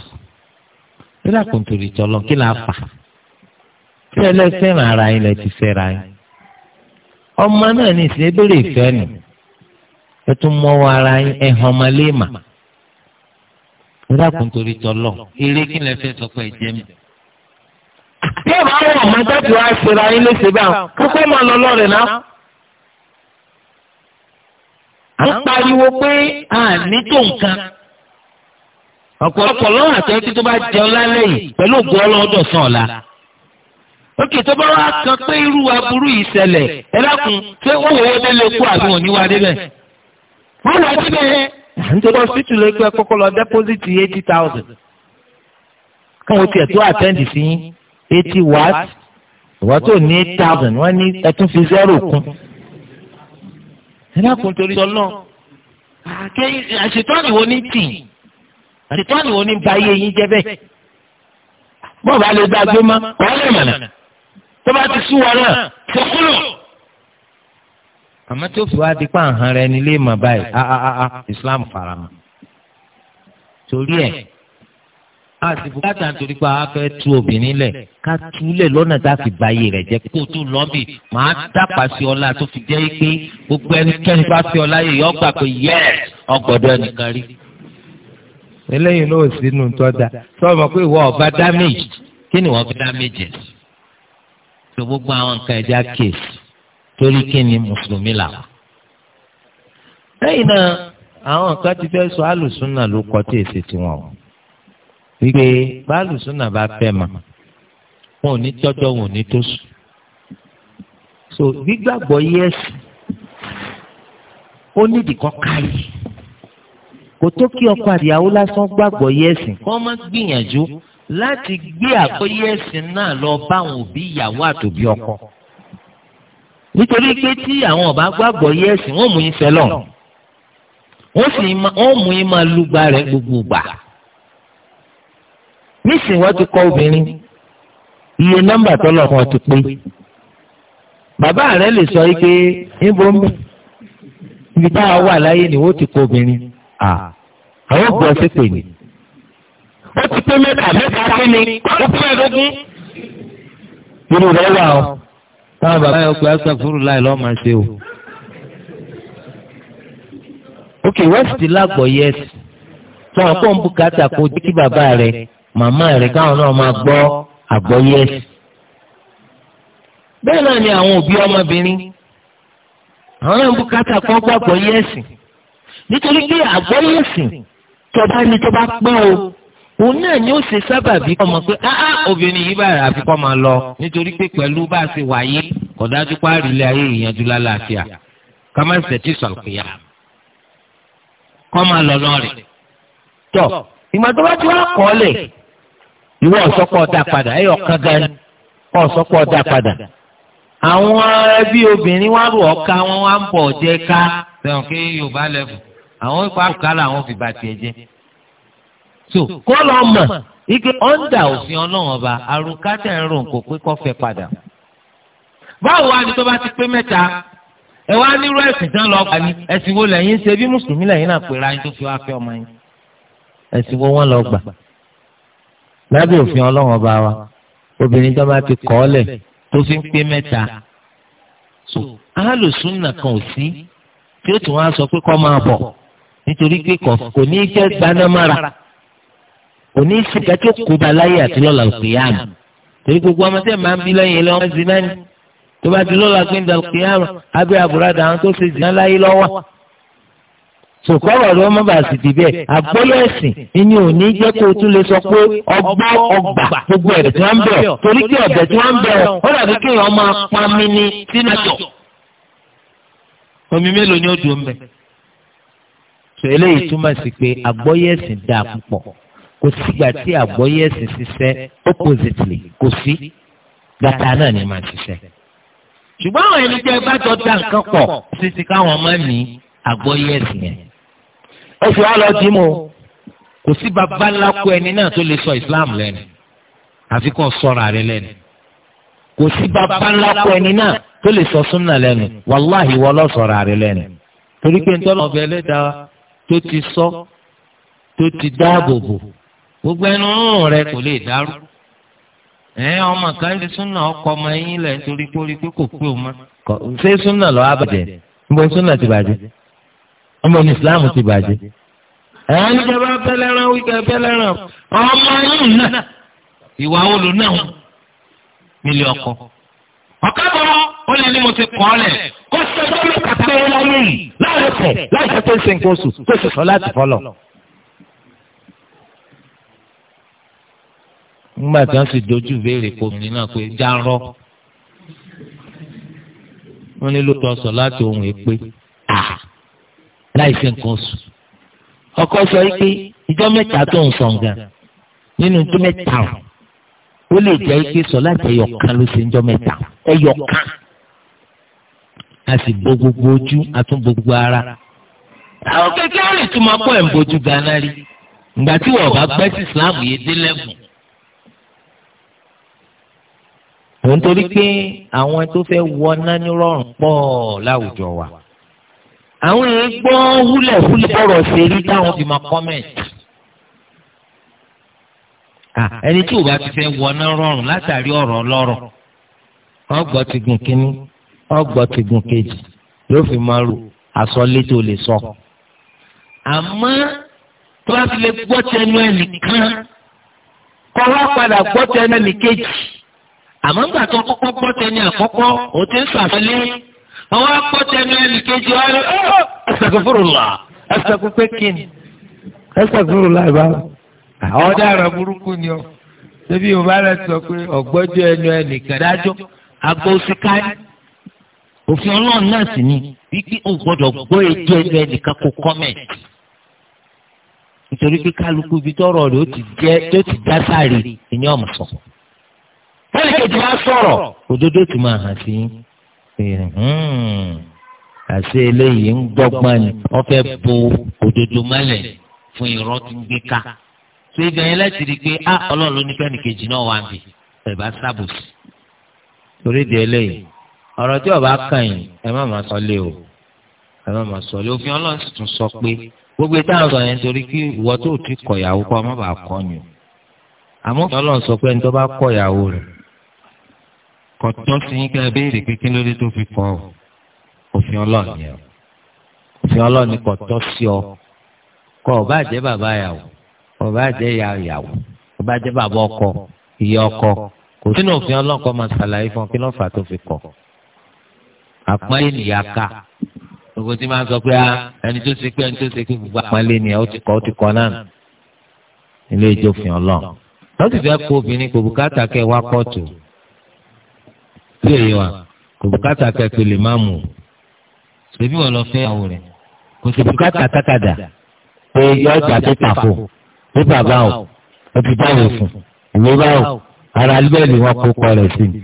nígbà kò torí tọ́lọ́ kí la fà tí ẹlẹ́sẹ̀ràn ara yín lẹ ti fẹ́ra yín. ọmọ náà ní ìsìn ebèrè ìfẹ́ nì ẹ tún mọ́wọ́ ara yín ẹ hàn ọmọ léèmà. nígbà kò torí tọ́lọ́ eré kí lẹ fẹ́ sọ pé ẹ jẹ́ mi bí ọ̀rọ̀ àwọn ọmọ jáde wá ṣe ra yín léṣe báwọn kókó máa lọ lọ́rẹ̀ náà à ń pariwo pé a ní tó nǹkan ọ̀pọ̀lọpọ̀ lọ́wọ́ àti ẹbí tó bá jẹun lálẹ́ yìí pẹ̀lú ògùn ọlọ́dọ̀ sàn ọ̀la. ókè tó bá wá kan pé irú aburú yìí ṣẹlẹ̀ ẹ dákun ṣé ó wọ ọdẹ lè kú àbí òní wá débẹ̀. wọ́n wá débẹ̀ nítorí ọsítù lè gbé kọ́kọ́ lọ dẹ́pọ́sìtì eighty thousand. káwọn tiẹ̀ tó àtẹ́ǹdì sí eighty watt ìwọ́n tó ní eight thousand wọ́n ní ẹtún fi zero kún ẹlẹ́kùn torí ọlọ́run àṣetọ́ni wo ní tì àṣetọ́ni wo ní ba iye yín jẹ́ bẹ́ẹ̀ bọ́ọ̀ bá lè gba gbé mọ́ wọ́n lè mọ̀nà tó bá ti sún wọn náà ṣe kúrò. àmọ́ tó fi wá di pa àhán rẹ nílé mọ̀ báyìí Islam faramọ́ torí ẹ̀. a sì bùkátà nítorí pé a fẹ́ tú obìnrin lẹ̀ ká lọ́nà tá a fi ba rẹ̀ jẹ́ kó tó lọ́bì máa dàpà sí ọlá tó fi jẹ́ pé gbogbo ẹnikẹ́ni bá fi ọlá yẹ yọ gbà pé yẹ́s ọgbọ̀dọ̀ ẹnìkan rí. eléyìí ló sínú tọ́da sọ́ọ́ mọ̀ ọba damage kí ni wọ́n fi damage gbogbo àwọn nǹkan ẹja kéèsì torí kí ni mùsùlùmí làwọn. lẹ́yìn náà àwọn ti fẹ́ sọ wípé báàlù súnà bá fẹ́ mà wọn ò ní tọ́jọ́ wọn ò ní tó sùn. so gbígbàgbọ́ yẹ́sì ó nídìí kọ́ káyì kò tó kí ọkọ àdìyàwó lásán gbàgbọ́ yẹ́sì kọ́ má gbìyànjú láti gbé àgbọ́yé ẹ̀sìn náà lọ báwọn òbí ìyàwó àtòbí ọkọ nítorí pé tí àwọn ọba gbàgbọ́ yé ẹ̀sìn wọ́n mú yín fẹ́ lọ wọ́n sì wọ́n mú yín máa lùgbà rẹ̀ gbogbo gbà nísìnyí wọ́n ti kọ́ obìnrin iye nọ́mbà tọ́lọ̀ kan ti pé bàbá rẹ̀ lè sọ pé níbo ń bẹ̀ ibi tá a wà láyé ni wọ́n ti kọ́ obìnrin àwọn gbọ́ sí pè ní. ó ti pé mẹ́ta mẹ́ta sí ni ó ti pé lógún. irú rẹ̀ wà ó táwọn bàbá yẹn pé àṣà fúru láì lọ́ọ́ máa ṣe o. ok west lágbọ̀ yẹs sọ̀rọ̀ pọ̀ ń bùkátà kó jẹ́ kí bàbá rẹ̀ màmá rẹ̀ káwọn náà máa gbọ́ àgbọ́yé ẹ̀sìn. bẹ́ẹ̀ náà ni àwọn òbí ọmọbìnrin àwọn náà ń bùkátà kọ́ gbọ́ àgbọ́yé ẹ̀sìn nítorí pé àgbọ́yé ẹ̀sìn tọba ni tọba pẹ́ o òun náà ni ó ṣe sábàbí ọmọ pé áá obìnrin yìí bá àfi kọ́ máa lọ nítorí pé pẹ̀lú bá a ṣe wáyé kò dájú páàrí ilé ayé ìyanjú lálàáfíà ká má ṣe sọ̀kìyà kọ́ máa lọ lọ́rẹ̀. tọ́ ìgbà tó bá ti wá kọ́ lẹ̀ ìwọ ọ̀sọ́pọ̀ ọ̀dà padà ẹ̀yọ̀ kan gan ni ọ̀sọ́pọ̀ ọ̀dà padà. àwọn ẹbí obìnrin wá rò ọ̀ka wọn wá ń bọ̀ jẹ́ ká. sẹ́wọ̀n kí yorùbá lẹ́bù àwọn ipa àrùká làwọn fi bá tiẹ̀ jẹ́. so kó lọ mọ̀ ike ọ̀ndà òfin ọlọ́run ọba àrùká tẹ̀ ń rò nǹkó pé kọ́ fẹ́ padà. báwo wá ni tó bá ti pé mẹ́ta ẹ wá nírú ẹ̀sìn tán lọ gbà ní ẹ̀sìn wo lẹ́yìn ṣe bí mùsùlùmí lẹ́yìn náà pèrè ayé tó fi wá fẹ́ ọmọ yín ẹ̀sìn wo wọ́n lọ gbà lábẹ́ òfin ọlọ́run ọba wa obìnrin tó bá ti kọ́ ọ́lẹ̀ tó fi ń pé mẹ́ta so alùsùn nàkan ò sí tí ó tún wá sọ pé kọ́ máa bọ̀ nítorí pé kò ní jẹ́ gbanámára kò ní sìgá tó kó ba láyé àti lọ́la òkèèyàn torí gbogbo ọmọdé máa ń bí lẹ́yìn ilé ọmọ zina ni tó bá ti lọ́la gbé ń abẹ́ àbúradà àwọn tó ṣe zina láyé lọ́wọ́ sòkòrò rẹ ọmọ bá sì ti bẹ́ẹ̀ àgbọ́yé ẹ̀sìn ìní òní jẹ́ kó o tún lè sọ pé ọgbọ́ ọgbà gbogbo ẹ̀rẹ̀ tí wọ́n ń bẹ̀ ọ́ torí kí ọ̀bẹ tí wọ́n ń bẹ̀ ọ́ ó dàbí kí èèyàn máa pa mí ní sínú àjọ. omi mélòó ni ó dùn mẹ́. sọ eléyìí túmọ̀ sí pé àgbọ́yé ẹ̀sìn dáa púpọ̀ kò sígbà tí àgbọ́yé ẹ̀sìn ṣiṣẹ́ oppositely kò sí gàtà náà ni máa ṣiṣẹ́. ṣùgbọ́n àwọn ẹni tẹ́ bá jọ dá nǹkan pọ̀ sí ti káwọn máa ní àgbọ́yé ẹ̀sìn yẹn. E fi wá lọ dì kò sí bàbá ńlá kó ẹni náà tó lè sọ islam lẹ́nu àfi kò sọ̀rọ̀ rẹ kò sí bàbá ńlá kó ẹni náà tó lè sọ súnà lẹ́nu wàláhì wọ́n lọ sọ̀rọ̀ rẹ lẹ́nu torí pé nítorí ọbẹ̀ ẹlẹ́dàá tó ti sọ tó ti gbogbo ẹnu rẹ kò lè dárú ẹ ọmọ kan ọkọ ọmọ ẹyin lẹ pé pé kò pé ọmọ ní islam ti bàjẹ́. ẹ̀yà níjọba fẹ́lẹ́ràn wíkẹ́ fẹ́lẹ́ràn ọmọ yìí náà ìwà olù náà nílé ọkọ. ọ̀kadà ó lè ní mo ti kọ́ ọ́lẹ̀ kó sọ́dọ̀ ló kàtà ẹ̀ láyé yìí láàrẹ̀sẹ̀ láìsẹ̀ tó ń ṣe nǹkan oṣù tó sì sọ láti fọlọ̀. nígbà tí wọ́n sì dojú béèrè kò mí náà pé já ń rọ́ wọ́n ní ló tọ́ sọ láti ohun èpè láì ṣe nǹkan oṣù ọkọ sọ pé ìjọ mẹ́ta tó ń sàn gan nínú ìjọ mẹ́ta ó lè jẹ́ pé sọ láti ẹyọkan ló ṣe ìjọ mẹ́ta ẹyọkan a sì bo gbogbo ojú a tún bo gbogbo ara àwọn kékeré rè tún máa pọ̀ ẹ̀ ń bójú gánà rí ìgbà tí wọ́n bá gbẹ́ sí Islam yìí dé lẹ́bùn. òun torí pé àwọn tó fẹ́ wọ náà nírọ̀rùn pọ̀ láwùjọ wa àwọn èèyàn gbọ́ húlẹ̀húlẹ̀ bọ̀rọ̀ ṣe rí táwọn fi máa kọ́mẹ̀ntì. ẹni tí ò bá ti fẹ́ wọná rọrùn látàrí ọ̀rọ̀ ọlọ́rọ̀ ọgbọ́ ti gùn kínní ọgbọ́ ti gùn kejì yóò fi máa rò àsọlé tó lè sọ. àmọ́ tó bá fi lè gbọ́ tẹnu ẹnìkan kọ́ wá padà gbọ́ tẹnu ẹnìkejì àmọ́ ńgbà tó kọ́kọ́ gbọ́ tẹnu àkọ́kọ́ ò ti ń sàfẹ́lẹ́ àwọn akpọ̀tẹ̀nu ẹnìkejì wa ni astaghfirullah ẹsẹ̀kú pé kí ni astaghfirullah ẹ̀ burúkú ni ọ sọ pé ọ̀gbọ́jọ́ ẹnu ẹnìkan dájọ́ agbóṣíkáyì òfin ọlọ́run náà sì ni wípé o gbọ́dọ̀ gbọ́ ètò ẹgbẹ́ nìkan kó kọ́mẹ̀tì nítorí pé kálukú ibi tọrọ ó ti já sáré kejì sọ̀rọ̀ òdodo Hmm. àṣé eléyìí ń gbọ́gbọ́n ni wọ́n fẹ́ bo òdodo mọ́lẹ̀ fún irọ́ tó ń gbé ká ṣé ibẹ̀ yẹn láti rí pé á ah, ọlọ́run ló ní náà wà torí di eléyìí ọ̀rọ̀ tí ọba kàn yín ẹ má má o ẹ má má sọ lé òfin ọlọ́run sọ pé gbogbo ìta yẹn torí kí ìwọ tó ti kọ́ ọ má sọ kò tọ́ sí yín kí ẹ béèrè pé kí ló dé tó fi kọ òfin ọlọ́ọ̀ni ẹ̀ òfin ọlọ́ọ̀ni kò tọ́ sí ọ kọ ọba àjẹ́ bàbá yàwó ọba àjẹ́ ìyá yàwó ọba àjẹ́ bàbá ọkọ ìyá ọkọ kò sínú òfin ọlọ́ọ̀kọ́ máa ṣàlàyé fún ọ kí ló fà tó fi kọ àpọ́nlé nìyá ká gbogbo tí máa ń sọ pé ah, ẹni tó ṣe pé ẹni tó ṣe pé gbogbo àpọ́nlé nìyá ó ti kọ́ ó ti kọ́ náà ilé ìjọfin ọlọ́ọ̀ lọ́sì tí èyí wa kò bùkátà kẹpẹ lè má mú o ṣèbí wọn lọ fẹ́ àwọn rẹ̀ kò sì bùkátà tákàdá pé yọọ jà pépà fò pépà báwò ó ti dáwò fún ìwé báwò ara alibẹ́ẹ̀lì wọn kó kọ rẹ̀ sí i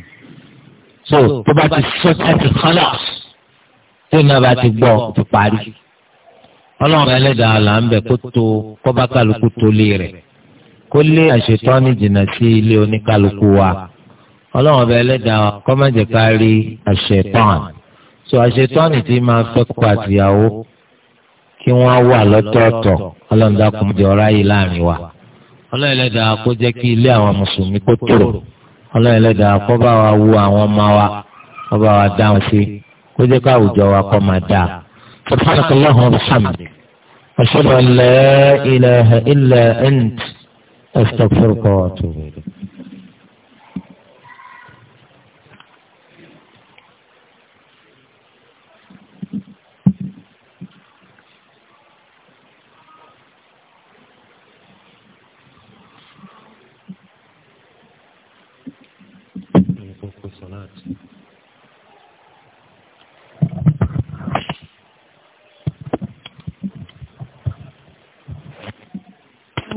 so tó bá ti sọ ẹ̀sìn kọ́lá tó náà bá ti gbọ́ ó ti parí ọlọ́run ẹlẹ́dàá là ń bẹ̀ kó tó kọ́bákálukú tó lé rẹ̀ kó lé àṣetọ́ni jìnnà sí ilé oníkálukú wa ọlọ́run ọba ẹlẹ́dàá kọ́ má àṣetán so àṣetán ti máa fẹ́ kó àtìyàwó kí wọ́n wà lọ́tọ̀ọ̀tọ̀ ọlọ́run dákun jẹ́ ọ̀rá yìí láàrin wa ọlọ́run ẹlẹ́dàá kó jẹ́ kí ilé àwọn mùsùlùmí kó tòrò ọlọ́run ẹlẹ́dàá kó bá wa wo àwọn ọmọ wa kó bá wa dáhùn sí kó jẹ́ ká wa kó máa dáa. أشهد أن لا إله إلا أنت أستغفرك وأتوب إليك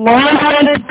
long-handed